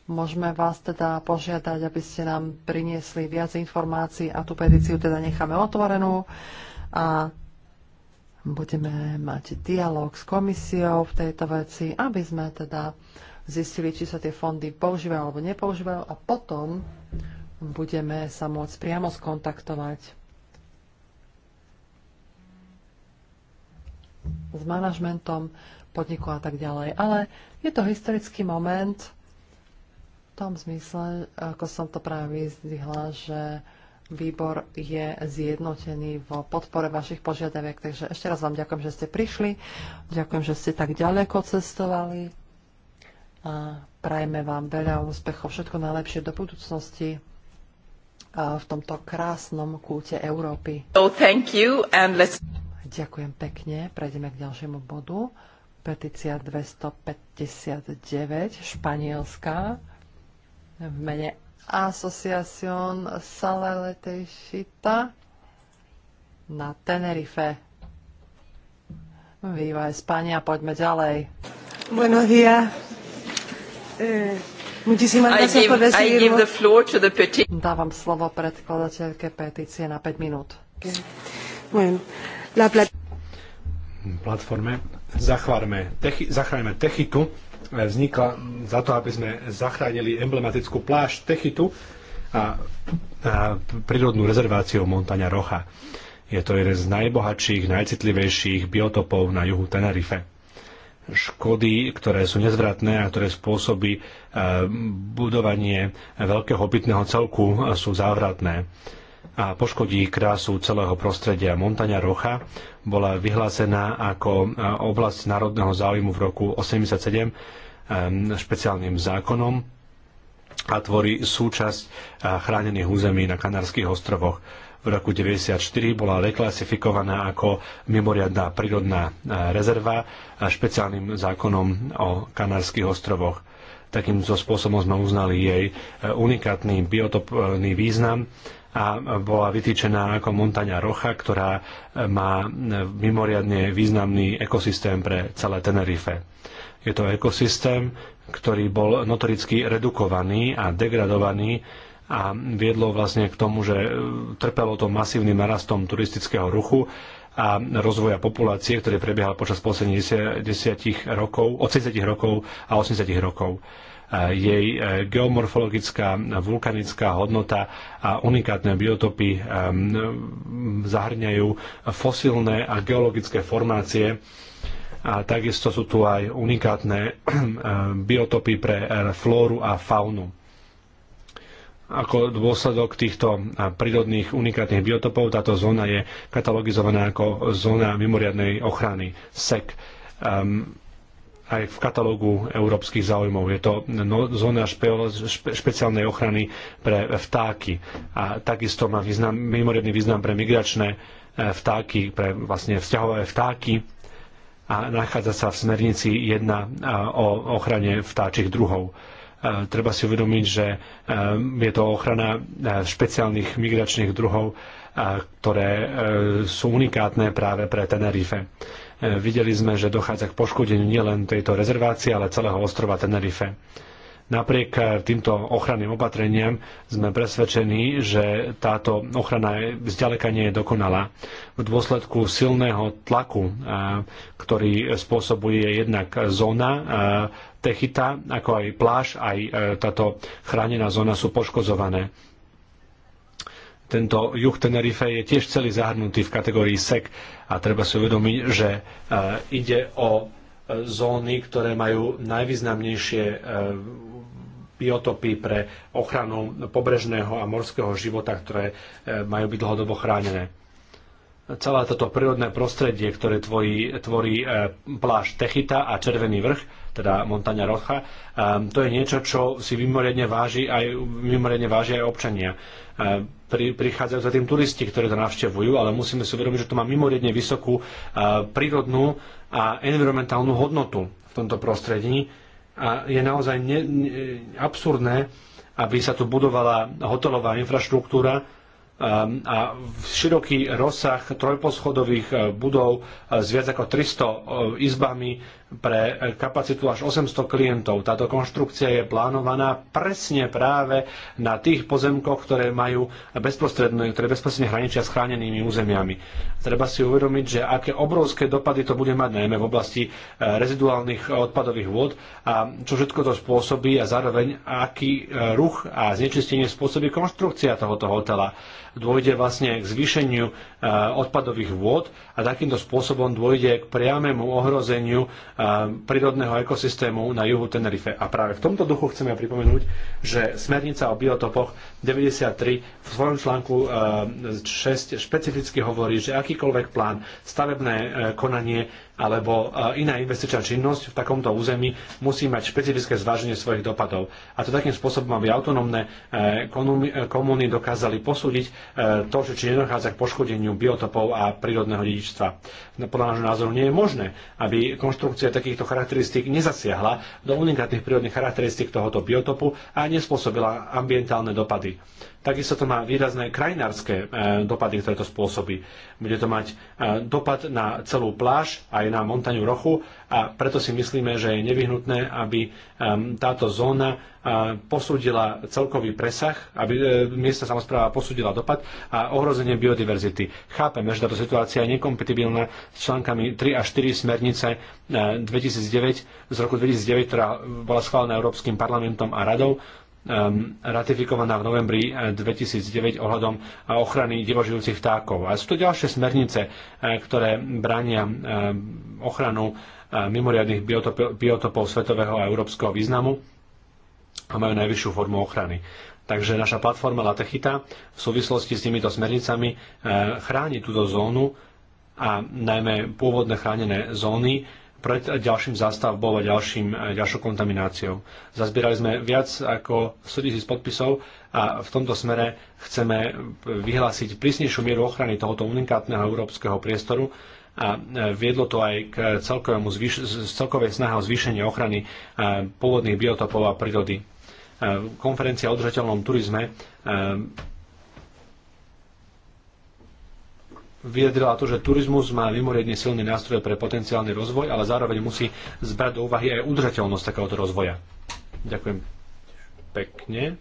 môžeme vás teda požiadať, aby ste nám priniesli viac informácií a tú petíciu teda necháme otvorenú a budeme mať dialog s komisiou v tejto veci, aby sme teda zistili, či sa tie fondy používajú alebo nepoužívajú a potom budeme sa môcť priamo skontaktovať s manažmentom podniku a tak ďalej. Ale je to historický moment v tom zmysle, ako som to práve vyzdvihla, že výbor je zjednotený vo podpore vašich požiadaviek. Takže ešte raz vám ďakujem, že ste prišli, ďakujem, že ste tak ďaleko cestovali a prajme vám veľa úspechov, všetko najlepšie do budúcnosti v tomto krásnom kúte Európy. So thank you and let's... Ďakujem pekne, prejdeme k ďalšiemu bodu. Petícia 259 španielská v mene Asociación Salaletejšita na Tenerife. Viva España, poďme ďalej. Buenos días. Eh, muchísimas gracias por Dávam slovo predkladateľke petície na 5 minút. Okay. Bueno, la plat- platforme Zachvárme, Zachráňme Techitu e, vznikla za to, aby sme zachránili emblematickú pláž Techitu a, a prírodnú rezerváciu Montaňa Rocha. Je to jeden z najbohatších, najcitlivejších biotopov na juhu Tenerife. Škody, ktoré sú nezvratné a ktoré spôsobí e, budovanie veľkého bytného celku, e, sú závratné a poškodí krásu celého prostredia. Montaňa Rocha bola vyhlásená ako e, oblasť národného záujmu v roku 1987 e, špeciálnym zákonom a tvorí súčasť e, chránených území na Kanárskych ostrovoch v roku 1994 bola reklasifikovaná ako mimoriadná prírodná rezerva a špeciálnym zákonom o Kanárskych ostrovoch. Takýmto spôsobom sme uznali jej unikátny biotopný význam a bola vytýčená ako montaňa rocha, ktorá e, má e, mimoriadne významný ekosystém pre celé Tenerife. Je to ekosystém, ktorý bol notoricky redukovaný a degradovaný a viedlo vlastne k tomu, že e, trpelo to masívnym narastom turistického ruchu a rozvoja populácie, ktorý prebiehal počas posledných 10 rokov, od 30 rokov a 80 rokov jej e, geomorfologická vulkanická hodnota a unikátne biotopy e, zahrňajú fosilné a geologické formácie a takisto sú tu aj unikátne e, biotopy pre flóru a faunu ako dôsledok týchto prírodných unikátnych biotopov táto zóna je katalogizovaná ako zóna mimoriadnej ochrany SEC. Um, ehm, aj v katalógu európskych záujmov. Je to no, zóna špe, špe, špeciálnej ochrany pre vtáky a takisto má význam, mimoriadný význam pre migračné e, vtáky, pre vlastne vzťahové vtáky a nachádza sa v smernici 1 e, o ochrane vtáčich druhov e, treba si uvedomiť, že je to ochrana špeciálnych migračných druhov, ktoré sú unikátne práve pre Tenerife. E, videli sme, že dochádza k poškodeniu nielen tejto rezervácie, ale celého ostrova Tenerife. Napriek e, týmto ochranným opatreniam sme presvedčení, že táto ochrana zďaleka nie je dokonalá. V dôsledku silného tlaku, e, ktorý spôsobuje jednak zóna Techita, ako aj pláž, aj táto chránená zóna sú poškozované tento juh Tenerife je tiež celý zahrnutý v kategórii SEC a treba si uvedomiť, že eh, ide o eh, zóny, ktoré majú najvýznamnejšie eh, biotopy pre ochranu pobrežného a morského života, ktoré majú byť dlhodobo chránené celé toto prírodné prostredie, ktoré tvorí, tvorí e, pláž Techita a Červený vrch, teda Montaňa Rocha, e, to je niečo, čo si mimoriadne, váži aj, mimoriadne váži aj občania. E, pri, prichádzajú za tým turisti, ktorí to navštevujú, ale musíme si uvedomiť, že to má mimoriadne vysokú prírodnú a environmentálnu hodnotu v tomto prostredí a je naozaj ne, ne, absurdné, aby sa tu budovala hotelová infraštruktúra, Ehm, a široký rozsah trojposchodových eh, budov eh, s viac ako 300 eh, izbami pre e, kapacitu až 800 klientov. Táto konštrukcia je plánovaná presne práve na tých pozemkoch, ktoré majú bezprostredné, ktoré bezprostredne hraničia s chránenými územiami. Treba si uvedomiť, že aké obrovské dopady to bude mať najmä v oblasti e, reziduálnych odpadových vôd a čo všetko to spôsobí a zároveň aký e, ruch a znečistenie spôsobí konštrukcia tohoto hotela dôjde vlastne k zvýšeniu odpadových vôd a takýmto spôsobom dôjde k priamému ohrozeniu prírodného ekosystému na juhu Tenerife. A práve v tomto duchu chceme pripomenúť, že smernica o biotopoch 93 v svojom článku 6 e, špecificky hovorí, že akýkoľvek plán, stavebné e, konanie alebo eh, iná investičná činnosť v takomto území musí mať špecifické zváženie svojich dopadov. A to takým spôsobom, aby autonómne eh, eh, komúny dokázali posúdiť to, že či nedochádza k poškodeniu biotopov a prírodného dedičstva. No, podľa nášho názoru nie je možné, aby konštrukcia takýchto charakteristík nezasiahla do unikátnych prírodných charakteristík tohoto biotopu a nespôsobila ambientálne dopady. Takisto to má výrazné krajinárske e, dopady, ktoré to spôsobí. Bude to mať e, dopad na celú pláž aj na montaňu Rochu a preto si myslíme, že je nevyhnutné, aby e, táto zóna posúdila celkový presah, aby miesta samozpráva posúdila dopad a ohrozenie biodiverzity. Chápeme, že táto situácia je nekompatibilná s článkami 3 a 4 smernice 2009, z roku 2009, ktorá bola schválená Európskym parlamentom a radou, ratifikovaná v novembri 2009 eh, ohľadom eh, ochrany divožijúcich vtákov. A sú to ďalšie smernice, eh, ktoré brania ochranu mimoriadných biotopov, biotopov svetového a európskeho významu a majú najvyššiu formu ochrany. Takže naša platforma Latechita v súvislosti s týmito smernicami chráni túto zónu a najmä pôvodné chránené zóny pred ďalším zastavbou a ďalším, e, ďalšou kontamináciou. Zazbierali sme viac ako 100 tisíc podpisov a v tomto smere chceme vyhlásiť prísnejšiu mieru ochrany tohoto unikátneho európskeho priestoru, a e, viedlo to aj k celkovému zvýš- celkovej snahe o zvýšenie ochrany e, pôvodných biotopov a prírody. Konferencia o udržateľnom turizme vyjadrila to, že turizmus má mimoriadne silný nástroj pre potenciálny rozvoj, ale zároveň musí zbrať do úvahy aj udržateľnosť takéhoto rozvoja. Ďakujem pekne.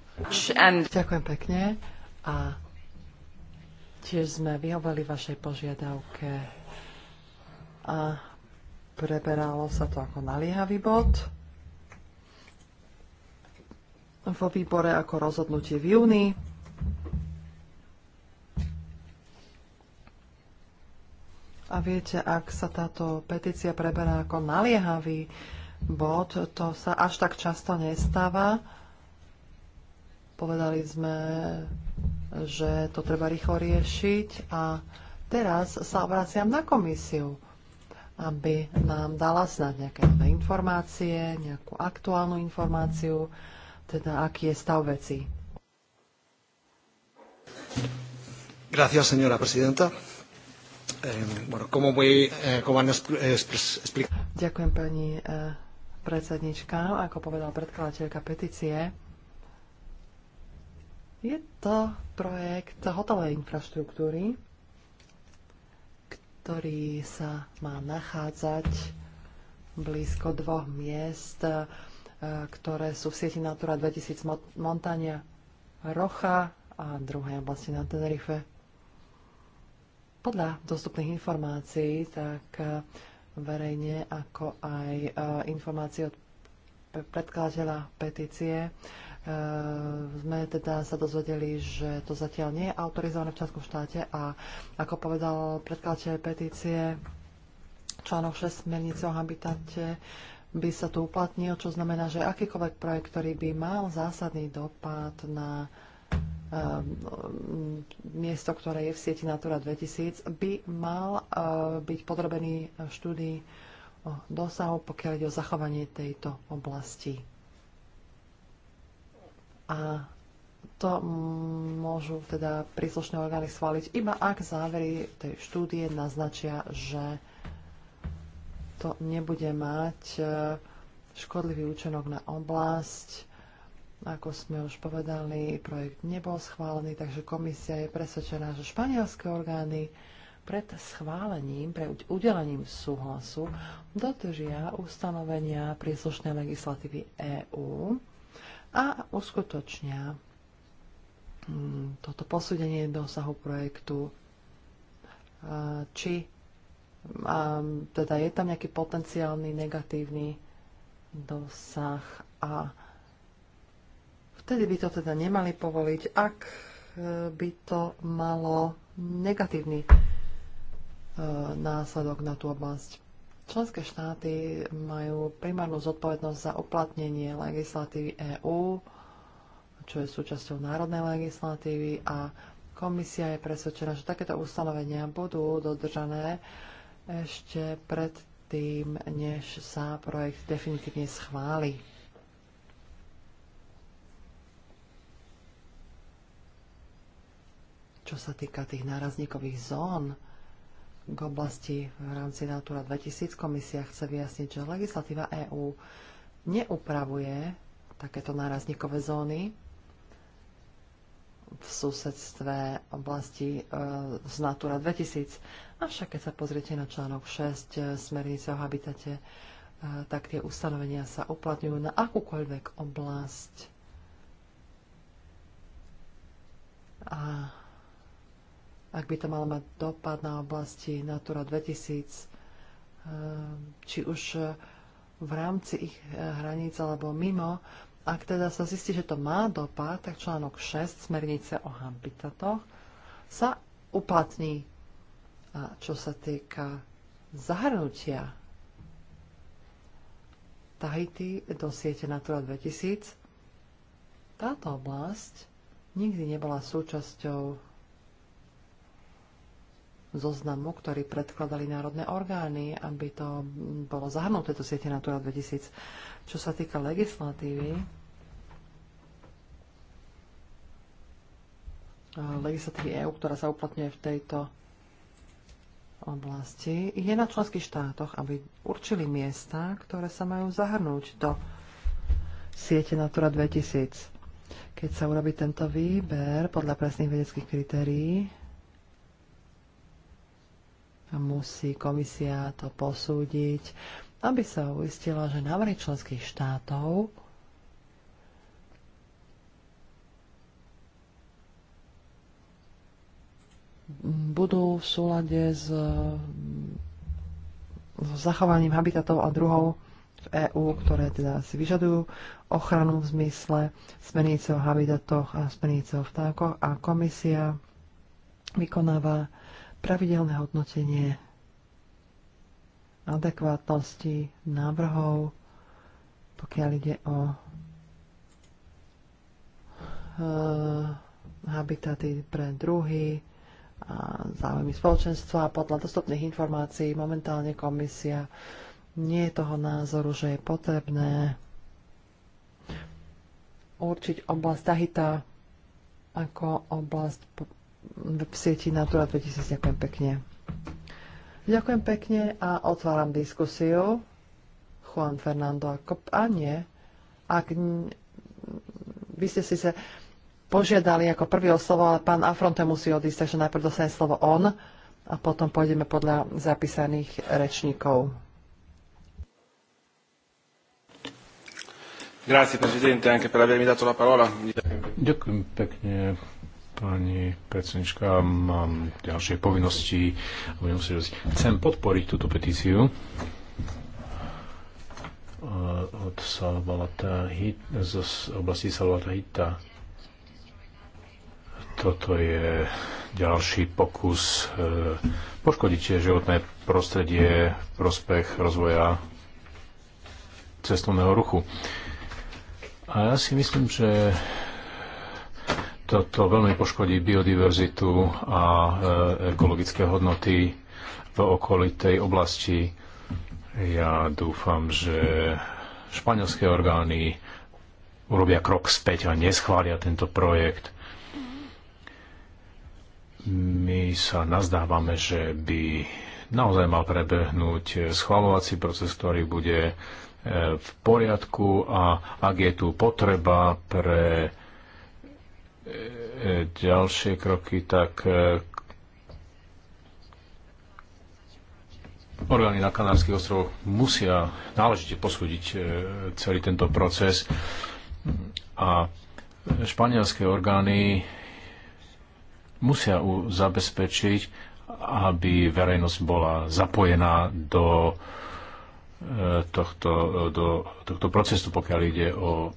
Ďakujem pekne a tiež sme vyhovali vašej požiadavke a preberalo sa to ako naliehavý bod vo výbore ako rozhodnutie v júni A viete, ak sa táto petícia preberá ako naliehavý bod, to sa až tak často nestáva. Povedali sme, že to treba rýchlo riešiť a teraz sa obraciam na komisiu aby nám dala snad nejaké nové informácie, nejakú aktuálnu informáciu, teda aký je stav veci. Gracias, señora presidenta. Ďakujem pani eh, predsednička. Ako povedal predkladateľka petície, je to projekt hotelovej infraštruktúry, ktorý sa má nachádzať blízko dvoch miest, eh, ktoré sú v sieti Natura 2000 Montania Rocha a druhej oblasti na Tenerife podľa dostupných informácií, tak eh, verejne, ako aj eh, informácie od predkladateľa petície, eh, sme teda sa dozvedeli, že to zatiaľ nie je autorizované v Českom štáte a ako povedal predkladateľ petície, článok 6 smernice o habitate by sa tu uplatnil, čo znamená, že akýkoľvek projekt, ktorý by mal zásadný dopad na Ehm, miesto, ktoré je v sieti Natura 2000, by mal eh, byť podrobený štúdii o dosahu, pokiaľ ide o zachovanie tejto oblasti. A to môžu teda príslušné orgány schváliť, iba ak závery tej štúdie naznačia, že to nebude mať eh, škodlivý účinok na oblasť, ako sme už povedali, projekt nebol schválený, takže komisia je presvedčená, že španielské orgány pred schválením, pre udelením súhlasu dodržia ustanovenia príslušnej legislatívy EÚ a uskutočnia mm, toto posúdenie dosahu projektu, či teda je tam nejaký potenciálny negatívny dosah a Vtedy by to teda nemali povoliť, ak e, by to malo negatívny e, následok na tú oblasť. Členské štáty majú primárnu zodpovednosť za uplatnenie legislatívy EÚ, čo je súčasťou národnej legislatívy a komisia je presvedčená, že takéto ustanovenia budú dodržané ešte pred tým, než sa projekt definitívne schváli. čo sa týka tých nárazníkových zón k oblasti v rámci Natura 2000, komisia chce vyjasniť, že legislatíva EÚ neupravuje takéto nárazníkové zóny v susedstve oblasti e, z Natura 2000. Avšak keď sa pozriete na článok 6 e, smernice o habitate, e, tak tie ustanovenia sa uplatňujú na akúkoľvek oblasť a ak by to malo mať dopad na oblasti Natura 2000, eh, či už eh, v rámci ich eh, hraníc alebo mimo. Ak teda sa zistí, že to má dopad, tak článok 6 smernice o habitatoch sa uplatní. A čo sa týka zahrnutia Tahiti do siete Natura 2000, táto oblasť nikdy nebola súčasťou zoznamu, ktorý predkladali národné orgány, aby to bolo zahrnuté do siete Natura 2000. Čo sa týka legislatívy, legislatívy EÚ, ktorá sa uplatňuje v tejto oblasti, je na členských štátoch, aby určili miesta, ktoré sa majú zahrnúť do siete Natura 2000. Keď sa urobí tento výber podľa presných vedeckých kritérií, musí komisia to posúdiť, aby sa uistila, že návrhy členských štátov budú v súlade s, s zachovaním habitatov a druhov v EÚ, ktoré teda si vyžadujú ochranu v zmysle smernice o habitatoch a smernice o vtákoch a komisia vykonáva pravidelné hodnotenie adekvátnosti návrhov, pokiaľ ide o eh, habitaty pre druhy a záujmy spoločenstva. Podľa dostupných informácií momentálne komisia nie je toho názoru, že je potrebné určiť oblasť Tahita ako oblasť v sieti Natura 2000. Ďakujem pekne. Ďakujem pekne a otváram diskusiu. Juan Fernando ako... A nie. Ak vy ste si sa požiadali ako prvý o slovo, ale pán Afronte musí odísť, takže najprv dostane slovo on a potom pôjdeme podľa zapísaných rečníkov. Grazie Presidente anche per avermi dato la parola. Ďakujem pekne Pani predsednička, mám ďalšie povinnosti. Chcem podporiť túto petíciu eh, od Salvalata z oblasti Salvalata Hita. Toto je ďalší pokus eh, poškodiť životné prostredie v prospech rozvoja cestovného ruchu. A ja si myslím, že toto veľmi poškodí biodiverzitu a e, ekologické hodnoty v okolitej oblasti. Ja dúfam, že španielské orgány urobia krok späť a neschvália tento projekt. My sa nazdávame, že by naozaj mal prebehnúť schvalovací proces, ktorý bude e, v poriadku a ak je tu potreba pre ďalšie kroky, tak e, orgány na Kanárskych ostrovoch musia náležite posúdiť e, celý tento proces a španielské orgány musia zabezpečiť, aby verejnosť bola zapojená do e, tohto, do tohto procesu, pokiaľ ide o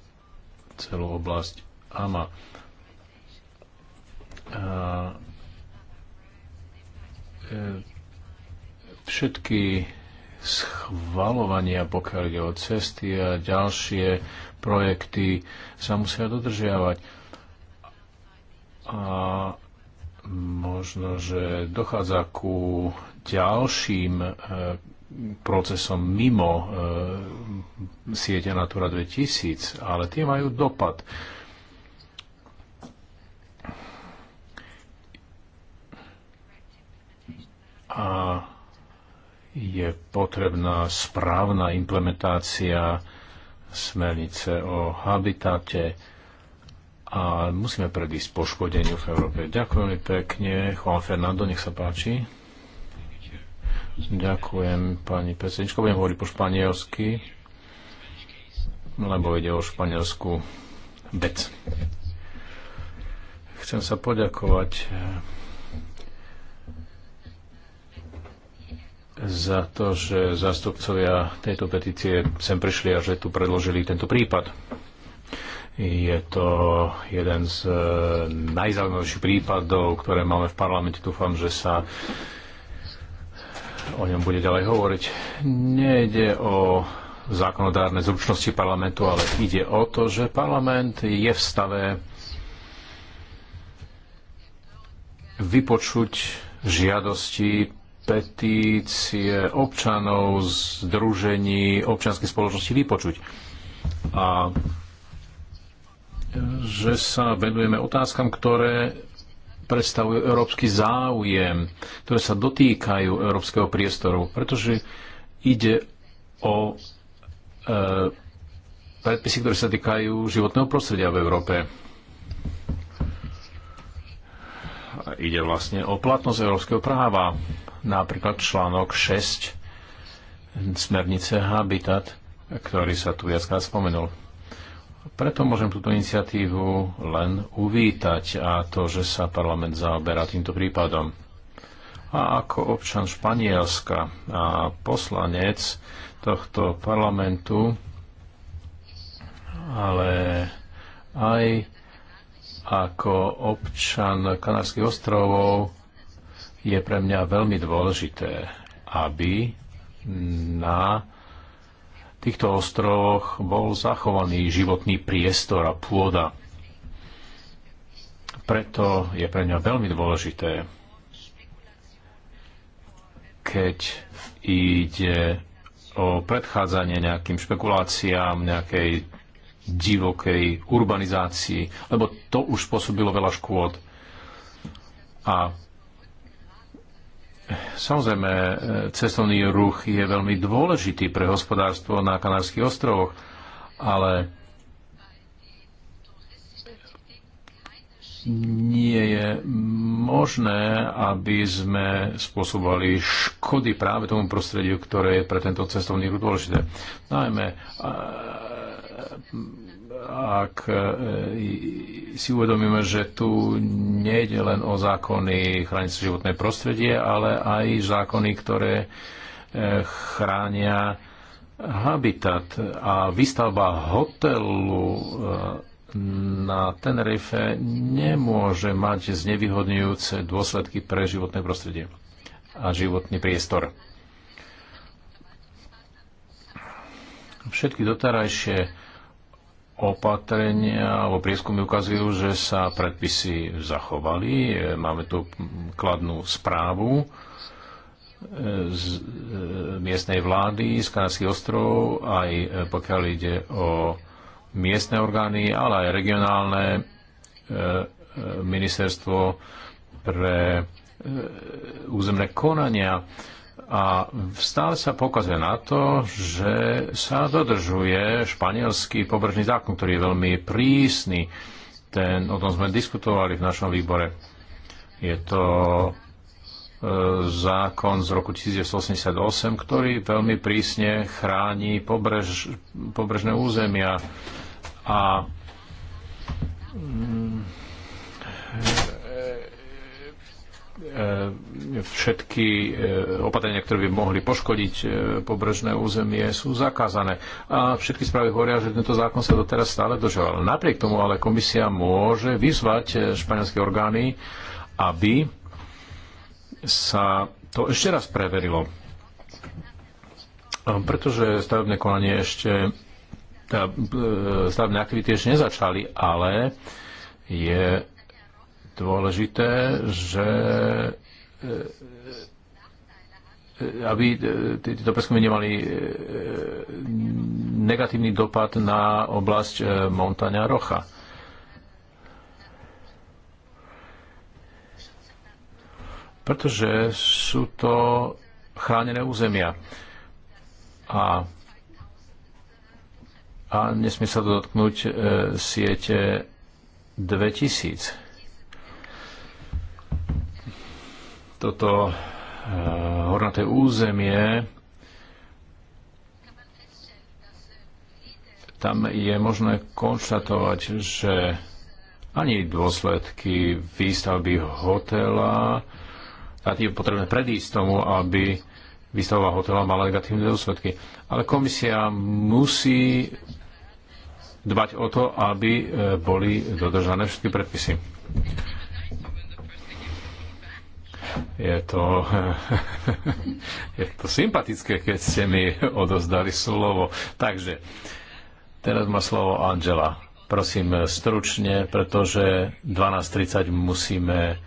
celú oblasť AMA. E, všetky schvalovania, pokiaľ ide o cesty a ďalšie projekty, sa musia dodržiavať. A možno, že dochádza ku ďalším e, procesom mimo e, siete Natura 2000, ale tie majú dopad. a je potrebná správna implementácia smernice o habitate a musíme predísť poškodeniu v Európe. Ďakujem pekne. Juan Fernando, nech sa páči. Ďakujem, pani predsedničko. Budem hovoriť po španielsky, lebo ide o španielsku vec. Chcem sa poďakovať za to, že zástupcovia tejto petície sem prišli a že tu predložili tento prípad. Je to jeden z e, najzaujímavejších prípadov, ktoré máme v parlamente. Dúfam, že sa o ňom bude ďalej hovoriť. Nejde o zákonodárne zručnosti parlamentu, ale ide o to, že parlament je v stave vypočuť žiadosti petície občanov, združení občianskej spoločnosti vypočuť. A e, že sa venujeme otázkam, ktoré predstavujú európsky záujem, ktoré sa dotýkajú európskeho priestoru, pretože ide o e, predpisy, ktoré sa týkajú životného prostredia v Európe. Ide vlastne o platnosť európskeho práva napríklad článok 6 smernice Habitat, ktorý sa tu viackrát spomenul. Preto môžem túto iniciatívu len uvítať a to, že sa parlament zaoberá týmto prípadom. A ako občan Španielska a poslanec tohto parlamentu, ale aj ako občan Kanárskych ostrovov je pre mňa veľmi dôležité, aby na týchto ostrovoch bol zachovaný životný priestor a pôda. Preto je pre mňa veľmi dôležité, keď ide o predchádzanie nejakým špekuláciám, nejakej divokej urbanizácii, lebo to už spôsobilo veľa škôd. A Samozrejme, e, cestovný ruch je veľmi dôležitý pre hospodárstvo na Kanárskych ostrovoch, ale nie je možné, aby sme spôsobovali škody práve tomu prostrediu, ktoré je pre tento cestovný ruch dôležité. Najmä e, ak e, si uvedomíme, že tu nejde len o zákony chránice životné prostredie, ale aj zákony, ktoré e, chránia habitat a výstavba hotelu e, na Tenerife nemôže mať znevýhodňujúce dôsledky pre životné prostredie a životný priestor. Všetky doterajšie opatrenia alebo prieskumy ukazujú, že sa predpisy zachovali. Máme tu kladnú správu e, z e, miestnej vlády z Kanadských ostrovov, aj pokiaľ ide o miestne orgány, ale aj regionálne e, ministerstvo pre územné konania a stále sa pokazuje na to, že sa dodržuje španielský pobrežný zákon, ktorý je veľmi prísny. Ten, o tom sme diskutovali v našom výbore. Je to e, zákon z roku 1988, ktorý veľmi prísne chráni pobrež, pobrežné územia a mm, E, všetky e, opatrenia, ktoré by mohli poškodiť e, pobrežné územie, sú zakázané. A všetky správy hovoria, že tento zákon sa doteraz stále dožoval. Napriek tomu ale komisia môže vyzvať španielské orgány, aby sa to ešte raz preverilo. Pretože stavebné konanie ešte, stavebné aktivity ešte nezačali, ale je dôležité, že e, e, aby e, tieto preskúmy nemali negatívny dopad na oblasť Montaňa Rocha. Pretože sú to chránené územia. A, a nesmie sa dotknúť e, siete 2000. toto eh, hornaté územie, tam je možné konštatovať, že ani dôsledky výstavby hotela, a tie je potrebné predísť tomu, aby výstavba hotela mala negatívne dôsledky. Ale komisia musí dbať o to, aby eh, boli dodržané všetky predpisy. Je to, je to sympatické, keď ste mi odozdali slovo. Takže, teraz má slovo Angela. Prosím, stručne, pretože 12.30 musíme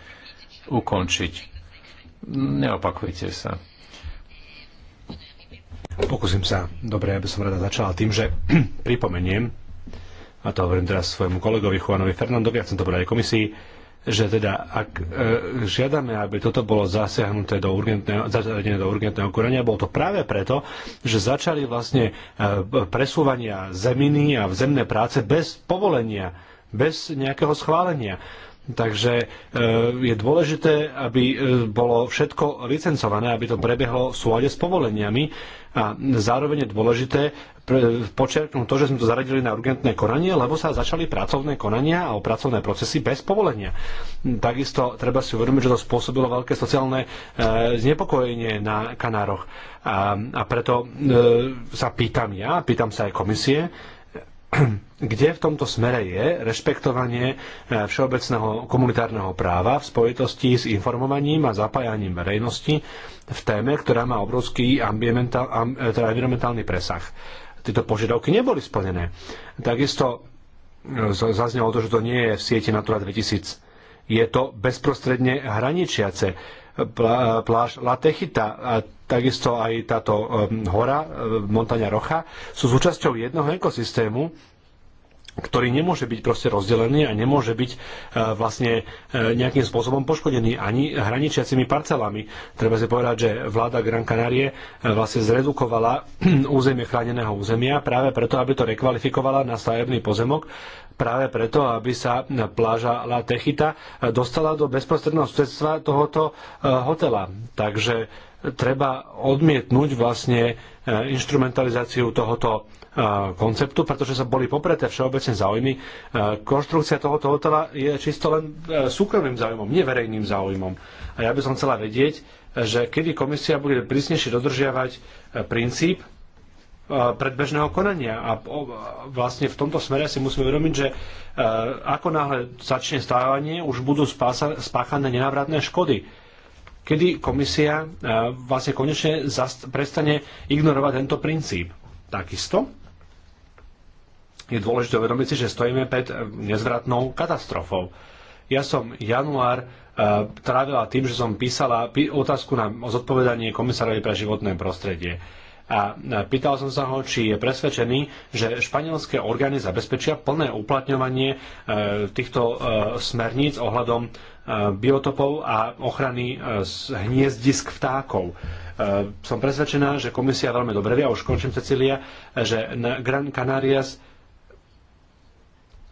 ukončiť. Neopakujte sa. Pokúsim sa. Dobre, ja by som rada začala tým, že pripomeniem, a to hovorím teraz svojmu kolegovi Juanovi Fernandovi, ak som to povedal aj komisii, že teda ak e, žiadame, aby toto bolo zasiahnuté do urgentného, zasiahnuté do urgentného konania, bolo to práve preto, že začali vlastne e, presúvania zeminy a zemné práce bez povolenia, bez nejakého schválenia. Takže e, je dôležité, aby e, bolo všetko licencované, aby to prebiehlo v súlade s povoleniami a zároveň je dôležité počerknúť to, že sme to zaradili na urgentné konanie, lebo sa začali pracovné konania a pracovné procesy bez povolenia. Takisto treba si uvedomiť, že to spôsobilo veľké sociálne e, znepokojenie na Kanároch. A, a preto e, sa pýtam ja, pýtam sa aj komisie, kde v tomto smere je rešpektovanie e, všeobecného komunitárneho práva v spojitosti s informovaním a zapájaním verejnosti v téme, ktorá má obrovský e, teda environmentálny presah. Tieto požiadavky neboli splnené. Takisto e, zaznelo to, že to nie je v sieti Natura 2000. Je to bezprostredne hraničiace pláž La Techita a takisto aj táto ehm, hora, ehm, Montaňa Rocha, sú súčasťou jednoho ekosystému, ktorý nemôže byť proste rozdelený a nemôže byť e, vlastne e, nejakým spôsobom poškodený ani hraničiacimi parcelami. Treba si povedať, že vláda Gran Canarie e, vlastne zredukovala územie chráneného územia práve preto, aby to rekvalifikovala na stavebný pozemok, práve preto, aby sa pláža La Techita dostala do bezprostredného susedstva tohoto hotela. Takže treba odmietnúť vlastne instrumentalizáciu tohoto konceptu, pretože sa boli popreté všeobecne záujmy. Konštrukcia tohoto hotela je čisto len e, súkromným záujmom, neverejným záujmom. A ja by som chcela vedieť, že kedy komisia bude prísnejšie dodržiavať e, princíp e, predbežného konania. A vlastne v tomto smere si musíme uvedomiť, že ako náhle začne stávanie, už budú spáchané nenávratné škody. Kedy komisia vlastne konečne prestane ignorovať tento princíp. Takisto je dôležité uvedomiť si, že stojíme pred nezvratnou katastrofou. Ja som január uh, trávila tým, že som písala otázku na zodpovedanie komisárovi pre životné prostredie. A e, pýtal som sa ho, či je presvedčený, že španielské orgány zabezpečia plné uplatňovanie e, týchto smerníc ohľadom biotopov a ochrany hniezdisk vtákov. Som presvedčená, že komisia veľmi dobre vie, a už končím Cecília, že Gran Canarias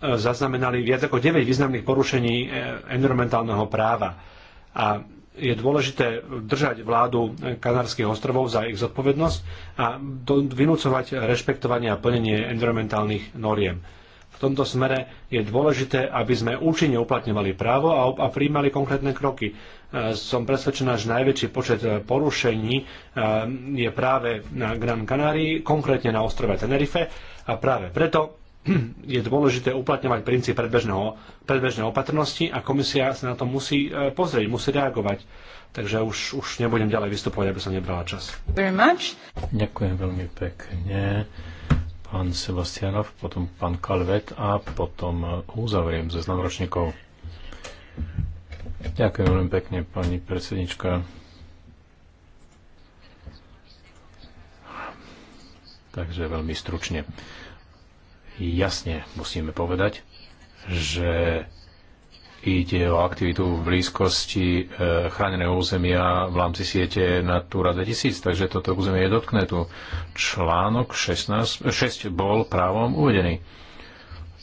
zaznamenali viac ako 9 významných porušení e, environmentálneho práva. A je dôležité držať vládu Kanárskych ostrovov za ich zodpovednosť a vynúcovať rešpektovanie a plnenie environmentálnych noriem. V tomto smere je dôležité, aby sme účinne uplatňovali právo a, a príjmali konkrétne kroky. E, som presvedčená, že najväčší počet e, porušení je práve na Gran Canárii, konkrétne na ostrove Tenerife a práve preto je dôležité uplatňovať princíp predbežného, predbežnej opatrnosti a komisia sa na to musí e, pozrieť, musí reagovať. Takže už, už nebudem ďalej vystupovať, aby som nebrala čas. Ďakujem veľmi pekne. Pán Sebastianov, potom pán Kalvet a potom e, uzavriem ze znamročníkov. Ďakujem veľmi pekne, pani predsednička. Takže veľmi stručne jasne musíme povedať, že ide o aktivitu v blízkosti e, chráneného územia v rámci siete Natura 2000, takže toto územie je tu. Článok 16, 6 bol právom uvedený.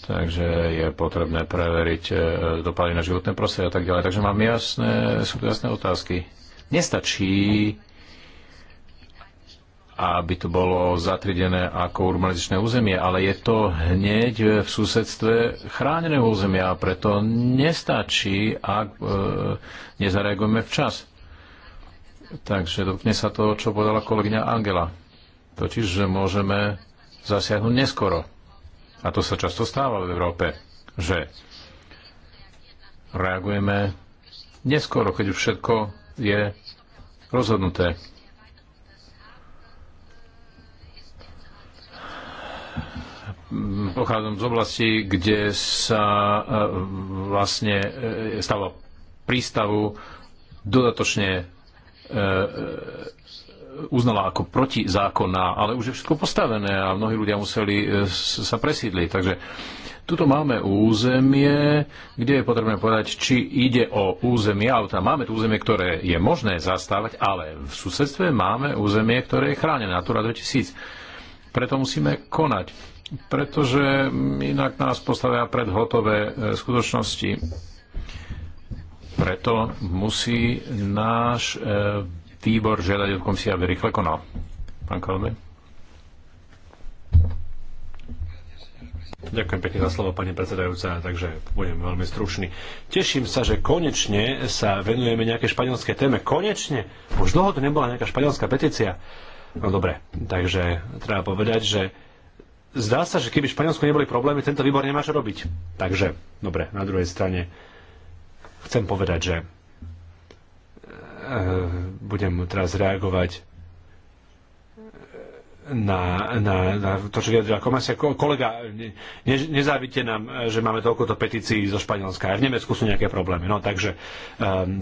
Takže je potrebné preveriť e, dopady na životné prostredie a tak ďalej. Takže mám jasné, sú to jasné otázky. Nestačí aby to bolo zatriedené ako urbanizačné územie, ale je to hneď v susedstve chráneného územia a preto nestačí, ak e, nezareagujeme včas. Takže dotkne sa to, čo povedala kolegyňa Angela. Totiž, že môžeme zasiahnuť neskoro. A to sa často stáva v Európe, že reagujeme neskoro, keď už všetko je rozhodnuté. pochádzam z oblasti, kde sa e, vlastne e, stalo prístavu dodatočne e, uznala ako protizákonná, ale už je všetko postavené a mnohí ľudia museli sa presídliť. Takže tuto máme územie, kde je potrebné povedať, či ide o územie auta. Máme tu územie, ktoré je možné zastávať, ale v susedstve máme územie, ktoré je chránené, Natura 2000. Preto musíme konať pretože inak nás postavia pred hotové e, skutočnosti. Preto musí náš e, výbor žiadať od komisie, aby rýchle konal. Pán Kalbe. Ďakujem pekne za slovo, pani predsedajúca, takže budem veľmi stručný. Teším sa, že konečne sa venujeme nejaké španielské téme. Konečne! Už dlho to nebola nejaká španielská petícia. No dobre, takže treba povedať, že zdá sa, že keby v Španielsku neboli problémy, tento výbor nemá čo robiť. Takže, dobre, na druhej strane chcem povedať, že eh, budem teraz reagovať eh, na, na, na to, čo vyjadrila komisia. Kolega, ne, nezávite nám, eh, že máme toľkoto petícií zo Španielska. Aj v Nemecku sú nejaké problémy. No takže e,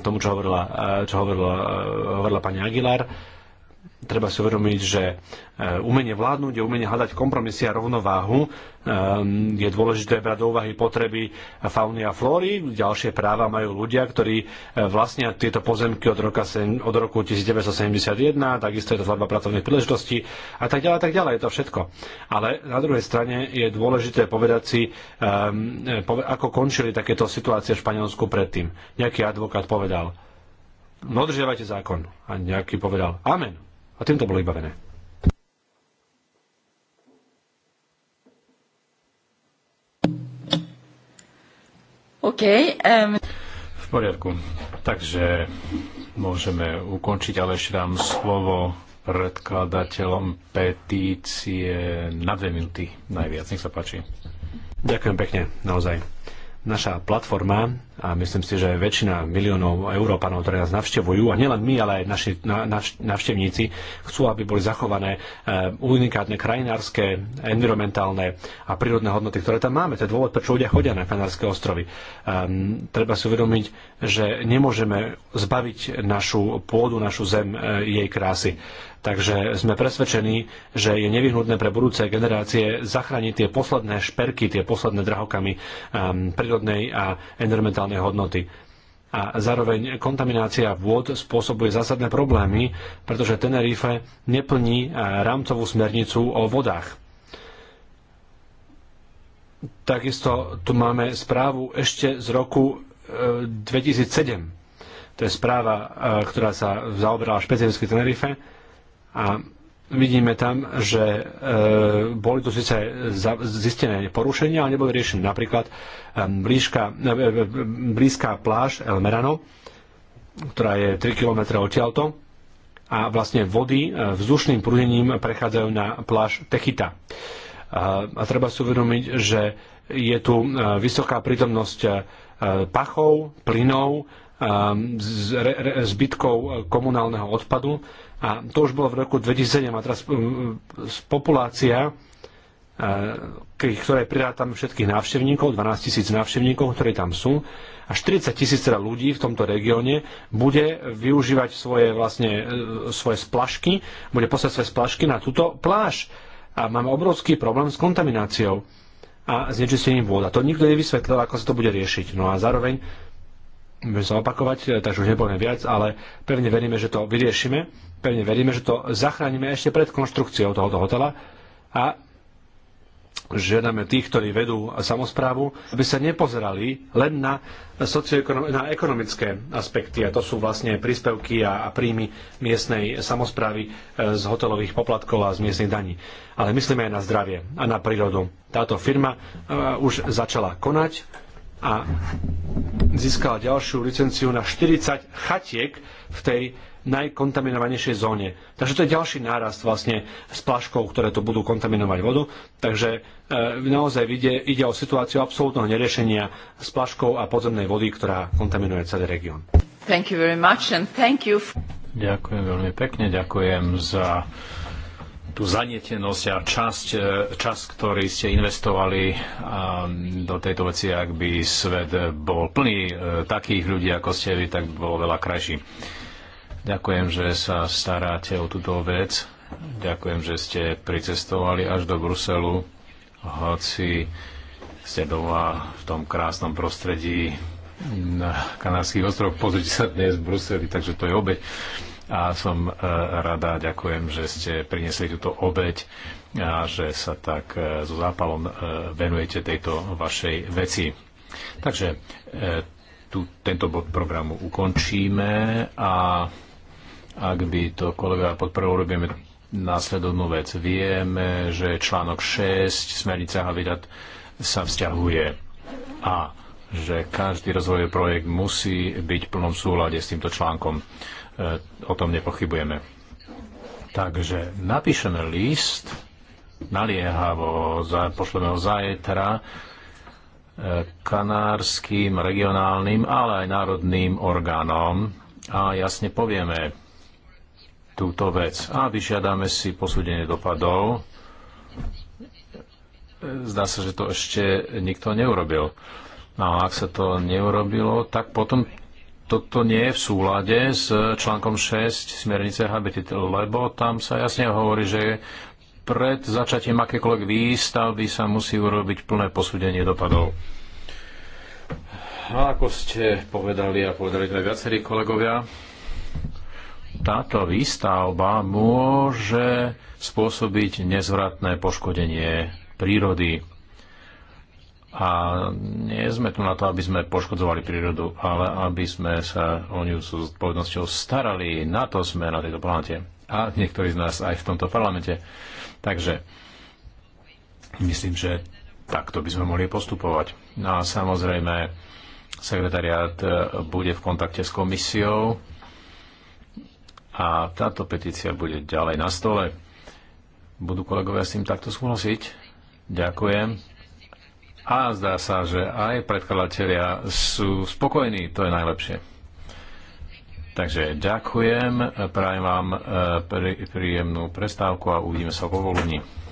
tomu, čo hovorila, čo hovorila, hovorila pani Aguilar, treba si uvedomiť, že e, umenie vládnuť je umenie hľadať kompromisy a rovnováhu. E, je dôležité brať do úvahy potreby fauny a flóry. Ďalšie práva majú ľudia, ktorí e, vlastnia tieto pozemky od, roka, od roku 1971, takisto je to tvorba pracovných príležitostí a tak ďalej, tak ďalej, je to všetko. Ale na druhej strane je dôležité povedať si, ehm, ako končili takéto situácie v Španielsku predtým. Nejaký advokát povedal, dodržiavajte zákon. A nejaký povedal, amen a týmto bolo vybavené. OK. Um... V poriadku. Takže môžeme ukončiť, ale ešte dám slovo predkladateľom petície na dve minúty najviac. Nech sa páči. Ďakujem pekne, naozaj. Naša platforma, a myslím si, že väčšina miliónov Európanov, ktoré nás navštevujú, a nielen my, ale aj naši navštevníci, chcú, aby boli zachované eh, unikátne krajinárske, environmentálne a prírodné hodnoty, ktoré tam máme. To je dôvod, prečo ľudia chodia na Kanárske ostrovy. Ehm, treba si uvedomiť, že nemôžeme zbaviť našu pôdu, našu zem, eh, jej krásy. Takže sme presvedčení, že je nevyhnutné pre budúce generácie zachrániť tie posledné šperky, tie posledné drahokamy ehm, prírodnej a environmentálnej hodnoty a zároveň kontaminácia vôd spôsobuje zásadné problémy, pretože Tenerife neplní eh, rámcovú smernicu o vodách. Takisto tu máme správu ešte z roku 2007. Eh, to je správa, eh, ktorá sa zaoberala špecificky Tenerife a vidíme tam, že e, boli tu síce zistené porušenia, ale neboli riešené. Napríklad e, blížka, e, e, e, blízka pláž El Merano, ktorá je 3 km odtiaľto a vlastne vody e, vzdušným prúdením prechádzajú na pláž Techita. E, a treba si uvedomiť, že je tu vysoká prítomnosť pachov, plynov, zbytkov komunálneho odpadu a to už bolo v roku 2007 a teraz um, populácia uh, ktoré prirátam všetkých návštevníkov, 12 tisíc návštevníkov, ktorí tam sú, a 40 tisíc teda ľudí v tomto regióne bude využívať svoje, vlastne, uh, svoje splašky, bude poslať svoje splašky na túto pláž. A máme obrovský problém s kontamináciou a znečistením vôd. A to nikto nevysvetlil, ako sa to bude riešiť. No a zároveň, Môžem sa opakovať, eh, takže už nepoviem viac, ale pevne veríme, že to vyriešime pevne veríme, že to zachránime ešte pred konštrukciou tohoto hotela a žiadame tých, ktorí vedú samozprávu, aby sa nepozerali len na, na ekonomické aspekty, a to sú vlastne príspevky a, a príjmy miestnej samozprávy e, z hotelových poplatkov a z miestnych daní. Ale myslíme aj na zdravie a na prírodu. Táto firma e, už začala konať a získala ďalšiu licenciu na 40 chatiek v tej najkontaminovanejšej zóne. Takže to je ďalší nárast vlastne plaškou, ktoré tu budú kontaminovať vodu. Takže e, naozaj ide, ide o situáciu absolútneho neriešenia splaškov a podzemnej vody, ktorá kontaminuje celý región. Thank you very much and thank you. Ďakujem veľmi pekne, ďakujem za tú zanietenosť a časť, e, čas, ktorý ste investovali e, do tejto veci, ak by svet bol plný takých ľudí, ako ste vy, tak by bolo veľa krajší. Ďakujem, že sa staráte o túto vec. Ďakujem, že ste pricestovali až do Bruselu, hoci ste doma v tom krásnom prostredí na Kanárských ostrovoch. Pozrite sa dnes v Bruseli, takže to je obeď. A som e, rada, ďakujem, že ste priniesli túto obeď a že sa tak e, so zápalom e, venujete tejto vašej veci. Takže tu, tento bod programu ukončíme a ak by to kolega podporil, robíme následovnú vec. Vieme, že článok 6 a Habitat sa vzťahuje a že každý rozvojový projekt musí byť v plnom súlade s týmto článkom. E, o tom nepochybujeme. Takže napíšeme list, naliehavo, pošleme ho zajtra, e, kanárským, regionálnym, ale aj národným orgánom a jasne povieme, túto vec a vyžiadame si posúdenie dopadov. Zdá sa, že to ešte nikto neurobil. No A ak sa to neurobilo, tak potom toto nie je v súlade s článkom 6 smernice HBT, lebo tam sa jasne hovorí, že pred začatím akékoľvek výstavby sa musí urobiť plné posúdenie dopadov. A ako ste povedali a povedali aj viacerí kolegovia, táto výstavba môže spôsobiť nezvratné poškodenie prírody. A nie sme tu na to, aby sme poškodzovali prírodu, ale aby sme sa o ňu s odpovednosťou starali. Na to sme na tejto planete. A niektorí z nás aj v tomto parlamente. Takže myslím, že takto by sme mohli postupovať. No a samozrejme, sekretariat bude v kontakte s komisiou a táto petícia bude ďalej na stole. Budú kolegovia s tým takto súhlasiť? Ďakujem. A zdá sa, že aj predkladatelia sú spokojní, to je najlepšie. Takže ďakujem, prajem vám eh, príjemnú prestávku a uvidíme sa po volení.